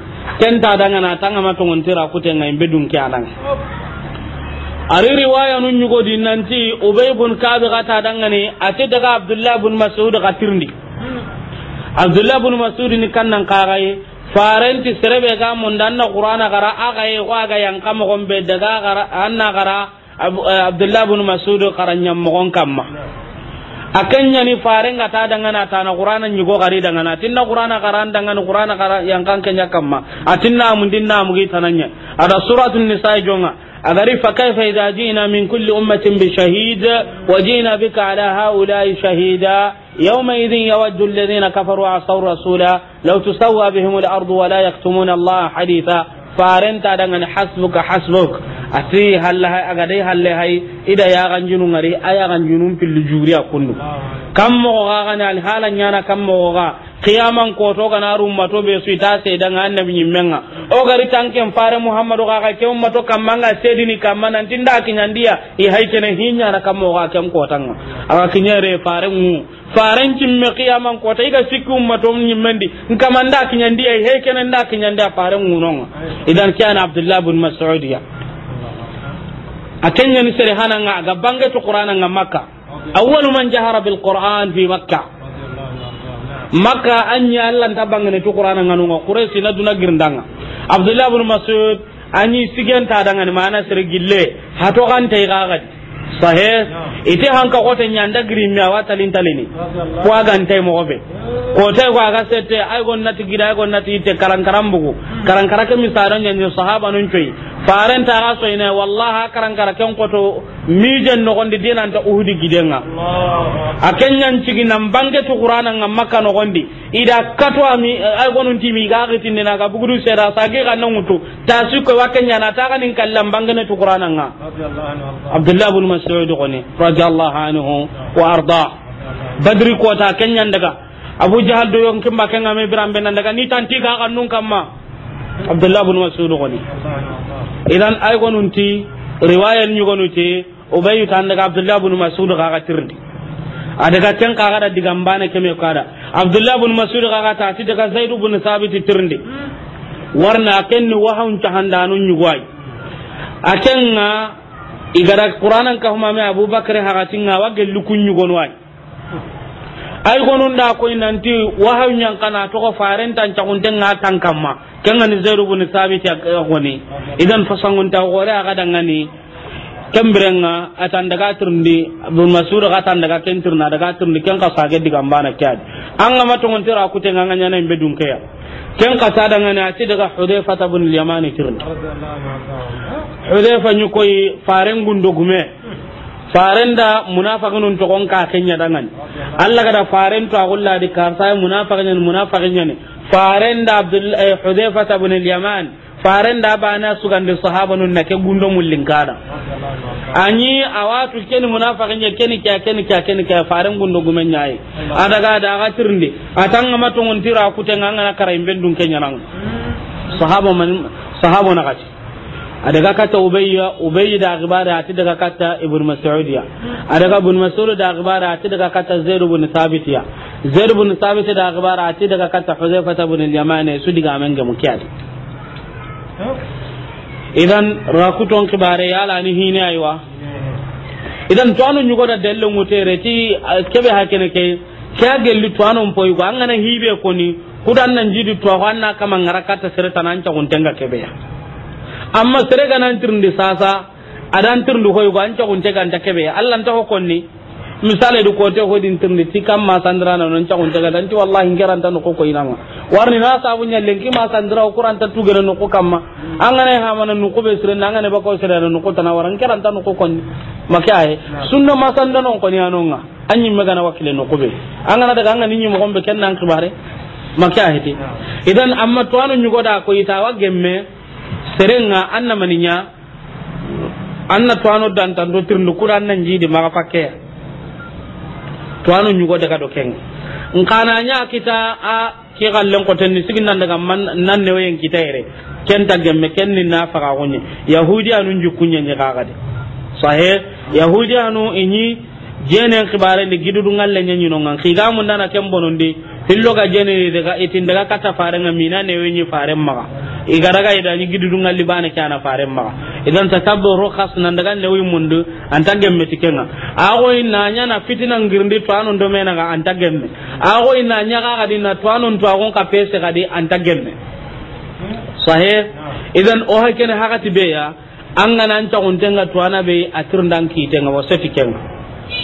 ken ta danga na tanga ma to ngontira ku te ngai bedun ke anan ari riwaya nun nyugo di nanti ubay bun ka'b ga ta danga ni ate daga abdullah bun mas'ud ga tirndi abdullah bun mas'ud ni kan kannan kagaye farenti serebe ga mun danna qur'ana gara aga ye wa ga yang kam gombe daga gara anna gara Eh, abdullahi bin masud karanya mogon kamma akanya ni fare nga ta daga na ta na qur'ana ni go gari daga na tinna qur'ana karan daga na qur'ana karan yang kan kenya kamma atinna mun na mu tananya ada suratul nisa jonga agari fa kayfa idza jina min kulli ummatin bi shahid wa jina bika ala haula'i shahida yawma idhin yawaddu alladhina kafaru wa asaw rasula law tusawwa bihim al-ardu wa la yaktumuna allaha haditha farenta dangan hasbuka hasbuk ati halla aga dai halle hay ida ya ganjinu ngari aya ganjinu pilli juriya ah. kam mo ga ganal yana kam mo ga qiyaman koto kana rummato be suita dan annabi nyimmenga o gari tanken fare muhammadu ga ke ummato kammanga sedini kamma nanti nda kinyandia i ne hinya na kammo kaka kem kotanga aka kinyere fare mu faren cimme ko ta iga sikki ummato nyimmendi nkama nda kinyandia i ne nda kinyandia fare mu non idan kana abdullah bin mas'ud ya akenya ni sere hananga ga bange to qur'ana nga makka awwalu man jahara bil qur'an fi makkah makka anya allah ta bangane to qur'ana nganu ngo quraysi na duna girndanga abdullah ibn mas'ud anyi sigenta dangane mana sirgille hato kan tay gagadi sahe ite hanka kote nyanda grimi awa talin talini kwa gante mo be kote kwa ga sete ay gon nati gida ay gon nati ite karankaram bugu hmm. karankara ke misaran nyen sahaba nun cuyi faran ta ga so ina wallahi karankara ken koto mijen no gondi dinan ta uhudi gidenga aken nyan cigi nan bange tu qur'ana nga makka no gondi ida katwa mi ay gonun timi ga gitin na ga bugudu seda sage ga nan mutu ta su ko wakenya na ta ga nin kallan bange tu qur'ana nga abdullah ibn sojo ko radiyallahu anhu wa arda badri ko ta kenyan daga abu jahal do yon kimba kenga me biram ni kan nun abdullah ibn mas'ud idan ay riwayan ni ubay tan abdullah ibn mas'ud tirdi adaga da digamba kemi abdullah ibn mas'ud ta ti daga zaid ibn sabit tirdi warna ni igara qur'anan ka huma me abubakar hagatinga wa gellu kunyu gonwa ay gonun da ko nanti wa hawnyan kana to ko faren tan ta denga tan kenga ni zairu bun sabiti ya goni idan fasangun ta gore ga dangani kembirenga atan daga turndi bun masura ka tan daga kentirna daga turndi ken ka sage diga mbana kyad an ga matongon tira ku tenga nganya na imbe dunke ya ken ka sada ngana ati daga hudayfa tabun yamani tirni hudayfa nyukoi faren gundo gume faren da munafiqun to kon ka kenya dangan Allah kada faren to agulla di karsa munafiqun munafiqun ne faren da abdul eh, hudayfa tabun yamani faren da su gande sahaba nun nake gundo mullin kada anyi awatu keni munafiqin ya keni kya keni kya keni kya faren gundo gumen yayi adaga da ga tirnde atanga matongon tira ku tenganga na karayin bendun kenya nan sahaba man sahaba na kace adaga kata ubayya ubayy da gibara ati daga kata ibnu mas'udiya adaga ibnu mas'ud da gibara ati daga kata zaid ibn thabitiya zaid ibn thabit da gibara ati daga kata huzaifa ibn al-yamani su diga men ga mukiyati idan rakuton kibare ya ni hini aiwa idan to anu nyugo da delle ngutere ti eh, kebe hakene ke kya gelli to anu mpoy angana hibe ko ni kudan nan jidi to wanna kama ngarakata sere tanan ta kuntenga kebe ya amma sere ganan tirndi sasa adan tirndi hoy ko ancha kuntenga kebe ya ala ta koni misale du kote ko din tirni ti kam ma sandra na non ta kunta gadan ti wallahi ngaran tan ko ko inama warni na sa bunya lenki ma sandra ko ran ta tugere no ko ma angane ha mana no ko be sire na angane ba ko sire na ko tan waran ngaran tan ko kon makaye sunna ma sandra non ko ni anonga anyi megana wakile no ko be angana daga angani nyi mo gombe ken nan kibare makaye ti idan amma to anu nyugo da ko ita wa gemme serenga anna maninya anna to anu dan tan do tirndu quran nan jidi maga fakke to anu nyugo daga do keng nkana nya kita a ke gallen ko tenni sigin nan daga man nan ne wayen kita ken ta gemme ken ni na faga gonye yahudi anu njukunya ni kaga de sahe yahudi anu inyi jenen kibare ni gidu dungal le nyanyi no ngan kiga mun dana kem bonondi hillo ga jene daga itin daga kata fare nga mina ne wenyi fare maga igara ga ida ni gidu dungal li bana kana fare ma. idan ta tabbo rokhas nan daga ne wi mundu antage kenga ago ina nya na fitina ngirndi to anon do mena ga antage me ago ina nya ga ga dinna to anon to ka pese ga di antage me sahe idan o hakene hakati be ya an ga nan ta untenga to ana be atirndan kitenga wasati kenga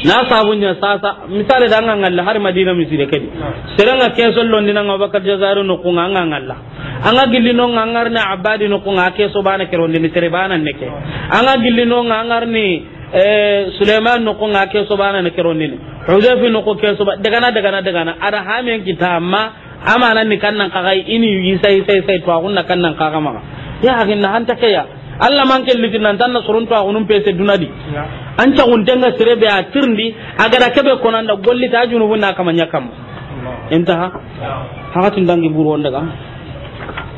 na sabunya sasa misali da nga ngalla har madina misire kadi seranga keso londi na abakar jazaru no kunga nga ngalla anga no nga na abadi no kunga so bana kero ndi misire bana neke anga no nga ngarni eh suleiman no kunga so bana ne kero ndi hudayfi no ko so ba daga na daga na daga na ada hamen amma amana ni kannan kagai ini yi sai sai to agunna kannan kaga ma ya hakin na hanta kaya allah man ke litin nan tan na surun to agunun pese dunadi an ta guntenga sirebe a tirndi da kebe konanda golli ta junubu na kama nyakam ha tin dangi buru on daga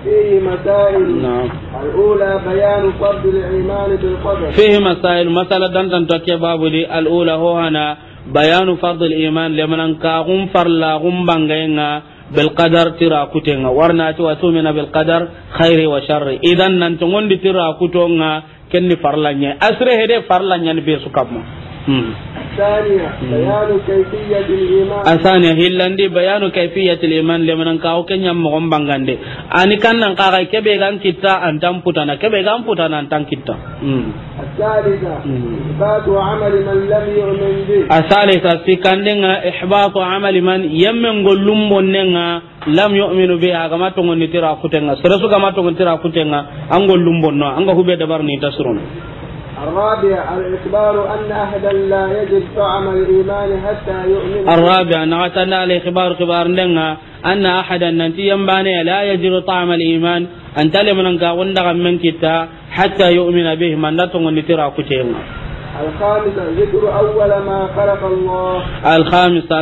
فيه مسائل نعم. الأولى بيان فرض الإيمان بالقدر فيه مسائل مثلا دندن تكي بابو دي الأولى هو هنا بيان فرض الإيمان لمن أنكاهم فرلاهم بانغينا بالقدر ترى كتنا ورنا وتؤمن بالقدر خير وشر إذا ننتمون ترى كتنا كن فرلانيا أسره هذا فرلانيا بيسكبنا الثانية بيان كيفية الإيمان الثانية هلاندي بيان كيفية الإيمان لمن كاو كن يم مغم بانغاندي أني كان نقارا كبه كان كتا أن تام بوتانا كبه كان بوتانا أن تام كتا الثالثة إحباط عمل من لم يؤمن به الثالثة سيكاندنا إحباط عمل من يمن غلوم بوننا lam yu'minu biha kama tongon nitira kutenga sirasu kama tongon nitira kutenga angol lumbo no anga hube dabar ni tasrun الرابع الإخبار أن أحدا لا يجد طعم الإيمان حتى يؤمن الرابع أن الإخبار خبار لنا أن أحدا ننتي ينباني لا يجد طعم الإيمان أن تلمنا قاوندغا من كتا حتى يؤمن به من نتغن نترى كتيرنا الخامسة ذكر أول ما خلق الله الخامسة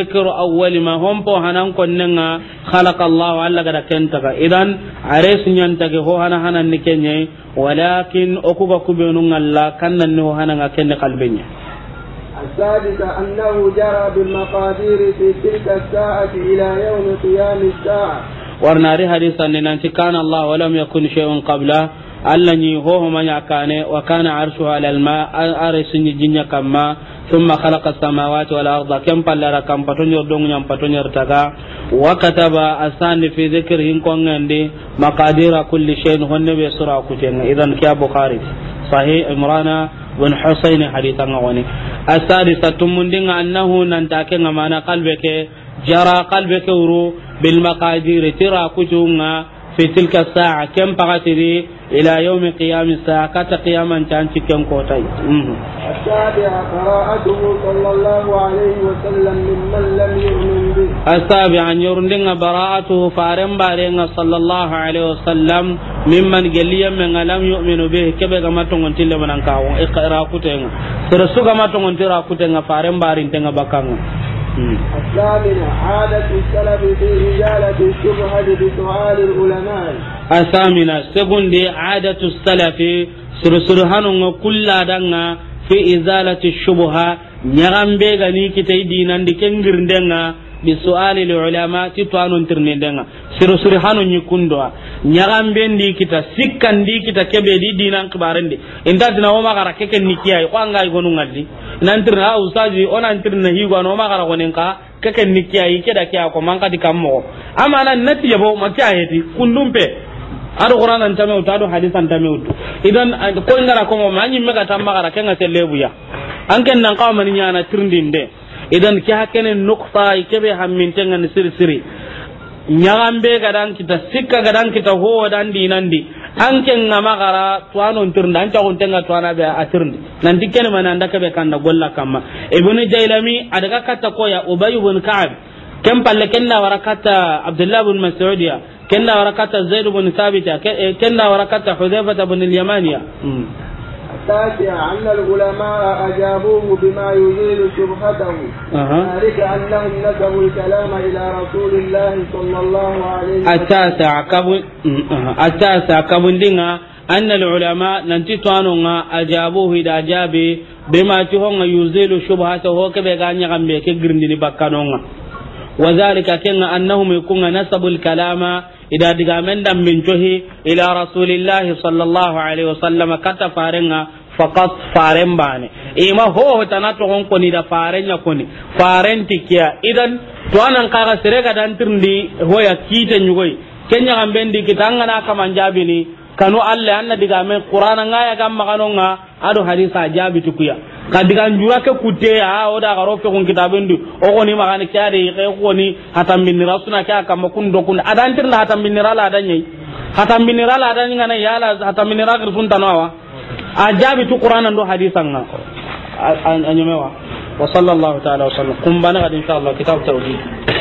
ذكر أول ما هم بو هنان كننا خلق الله على قد كنتك إذن عريس ينتك هو هنا هنا نكني ولكن أكوغا كبيرون الله كنن نهو هنا كن قلبني السادسة أنه جرى بالمقادير في تلك الساعة إلى يوم قيام الساعة ورناري حديثا لنانتي كان الله ولم يكن شيء قبله alla yi ho ho ma yakane wa kana arshu ala alma arisu ni jinya kama thumma khalaqa samawati wal arda kan pallara kam patonyo ta ga patonyo rtaka wa kataba asani fi dhikri kon ngandi maqadira kulli shay'in honne be sura ku tenna idan kya bukhari sahih imrana bin husayn haditha ngawani asadi satumundinga annahu nantake ngamana kalbeke jara kalbeke uru bil maqadir tira kujunga fi tilka saa'a ila yawmi qiyam sa'a kata qiyaman tan cikken ko tay asabi an yurndinga bara'atuhu faren barenga sallallahu alaihi wasallam mimman galiyam min alam yu'minu bihi kebe ga matongon tille manan kawo iqra kutenga sir su ga matongon ra kutenga faren barin tenga bakanga asamina adatu salafi sai adatu salafi surusuru hannu kulla dan ga sai izala ti shubu ha ƴaran be ka nikitai di dikin girin bisuali su'ali li ulama ti to anon tirne denga siru suri hanu nyikundo nyaram ben di kita sikkan di kita kebe di dinan kibarende inda dina o magara keken nikiyai ko anga gonu ngaddi nan tirna ustaji onan tirna hi gonu magara gonen ka keken nikiyai keda kiya ko manka di kammo amma nan nati yabo makiya heti kundumpe ado qur'an an tamu ta do hadis an tamew idan ko ngara ko ma nyi mega tamma gara kenga selebu ya an ken nan qawmani nyana tirndinde idan ki hakene nukta kebe hamminte ngani siri siri ñagambe gadan kita sikka gadan kita ho dan dinandi an ken ngama gara tuano ntirndi an caguntenga tuana be a tirndi nanti kene mani anda kebe kanda golla kamma ibnu jailami adaga katta koya ubay ibn ka'ab ken palle ken na wara abdullah ibn mas'udiya ken na wara zaid ibn thabita eh, ken na wara hudhayfa ibn al-yamaniya hmm. التاسع أن العلماء أجابوه بما يزيل شبهته ذلك أنهم نسبوا الكلام إلى رسول الله صلى الله عليه وسلم التاسع كبن التاسع كبن أن العلماء ننتطانوا أجابوه إذا أجابي بما تهون يزيل شبهته كبه كان يغمبه كجرندين بكانونا وذلك كان أنهم يكون نسبوا الكلام ida diga men dam min johi ila rasulillahi sallallahu alaihi wasallam kata farenga faqat faren bane ima ho tana to hon koni da farenya koni faren tikiya idan to anan kaga sere ga dan tirndi hoya kite nyugoi kenya gambendi kitanga na kamanjabi ni kanu alle anna diga men qur'ana ngaya gam maganonga ado hadisa jabi tukuya kadiga njura ke kutte ya o da garo ke kun kitabendu o goni magani kyare ke goni hatam bin rasuna ka kam kun do kun adan tirna hatam bin rala yi hatam bin rala adan ngana la hatam bin rala sun tanawa ajabi tu qur'ana ndo hadisa nga anyamewa wa sallallahu ta'ala wa sallam kumbana bana insha kitab tawhid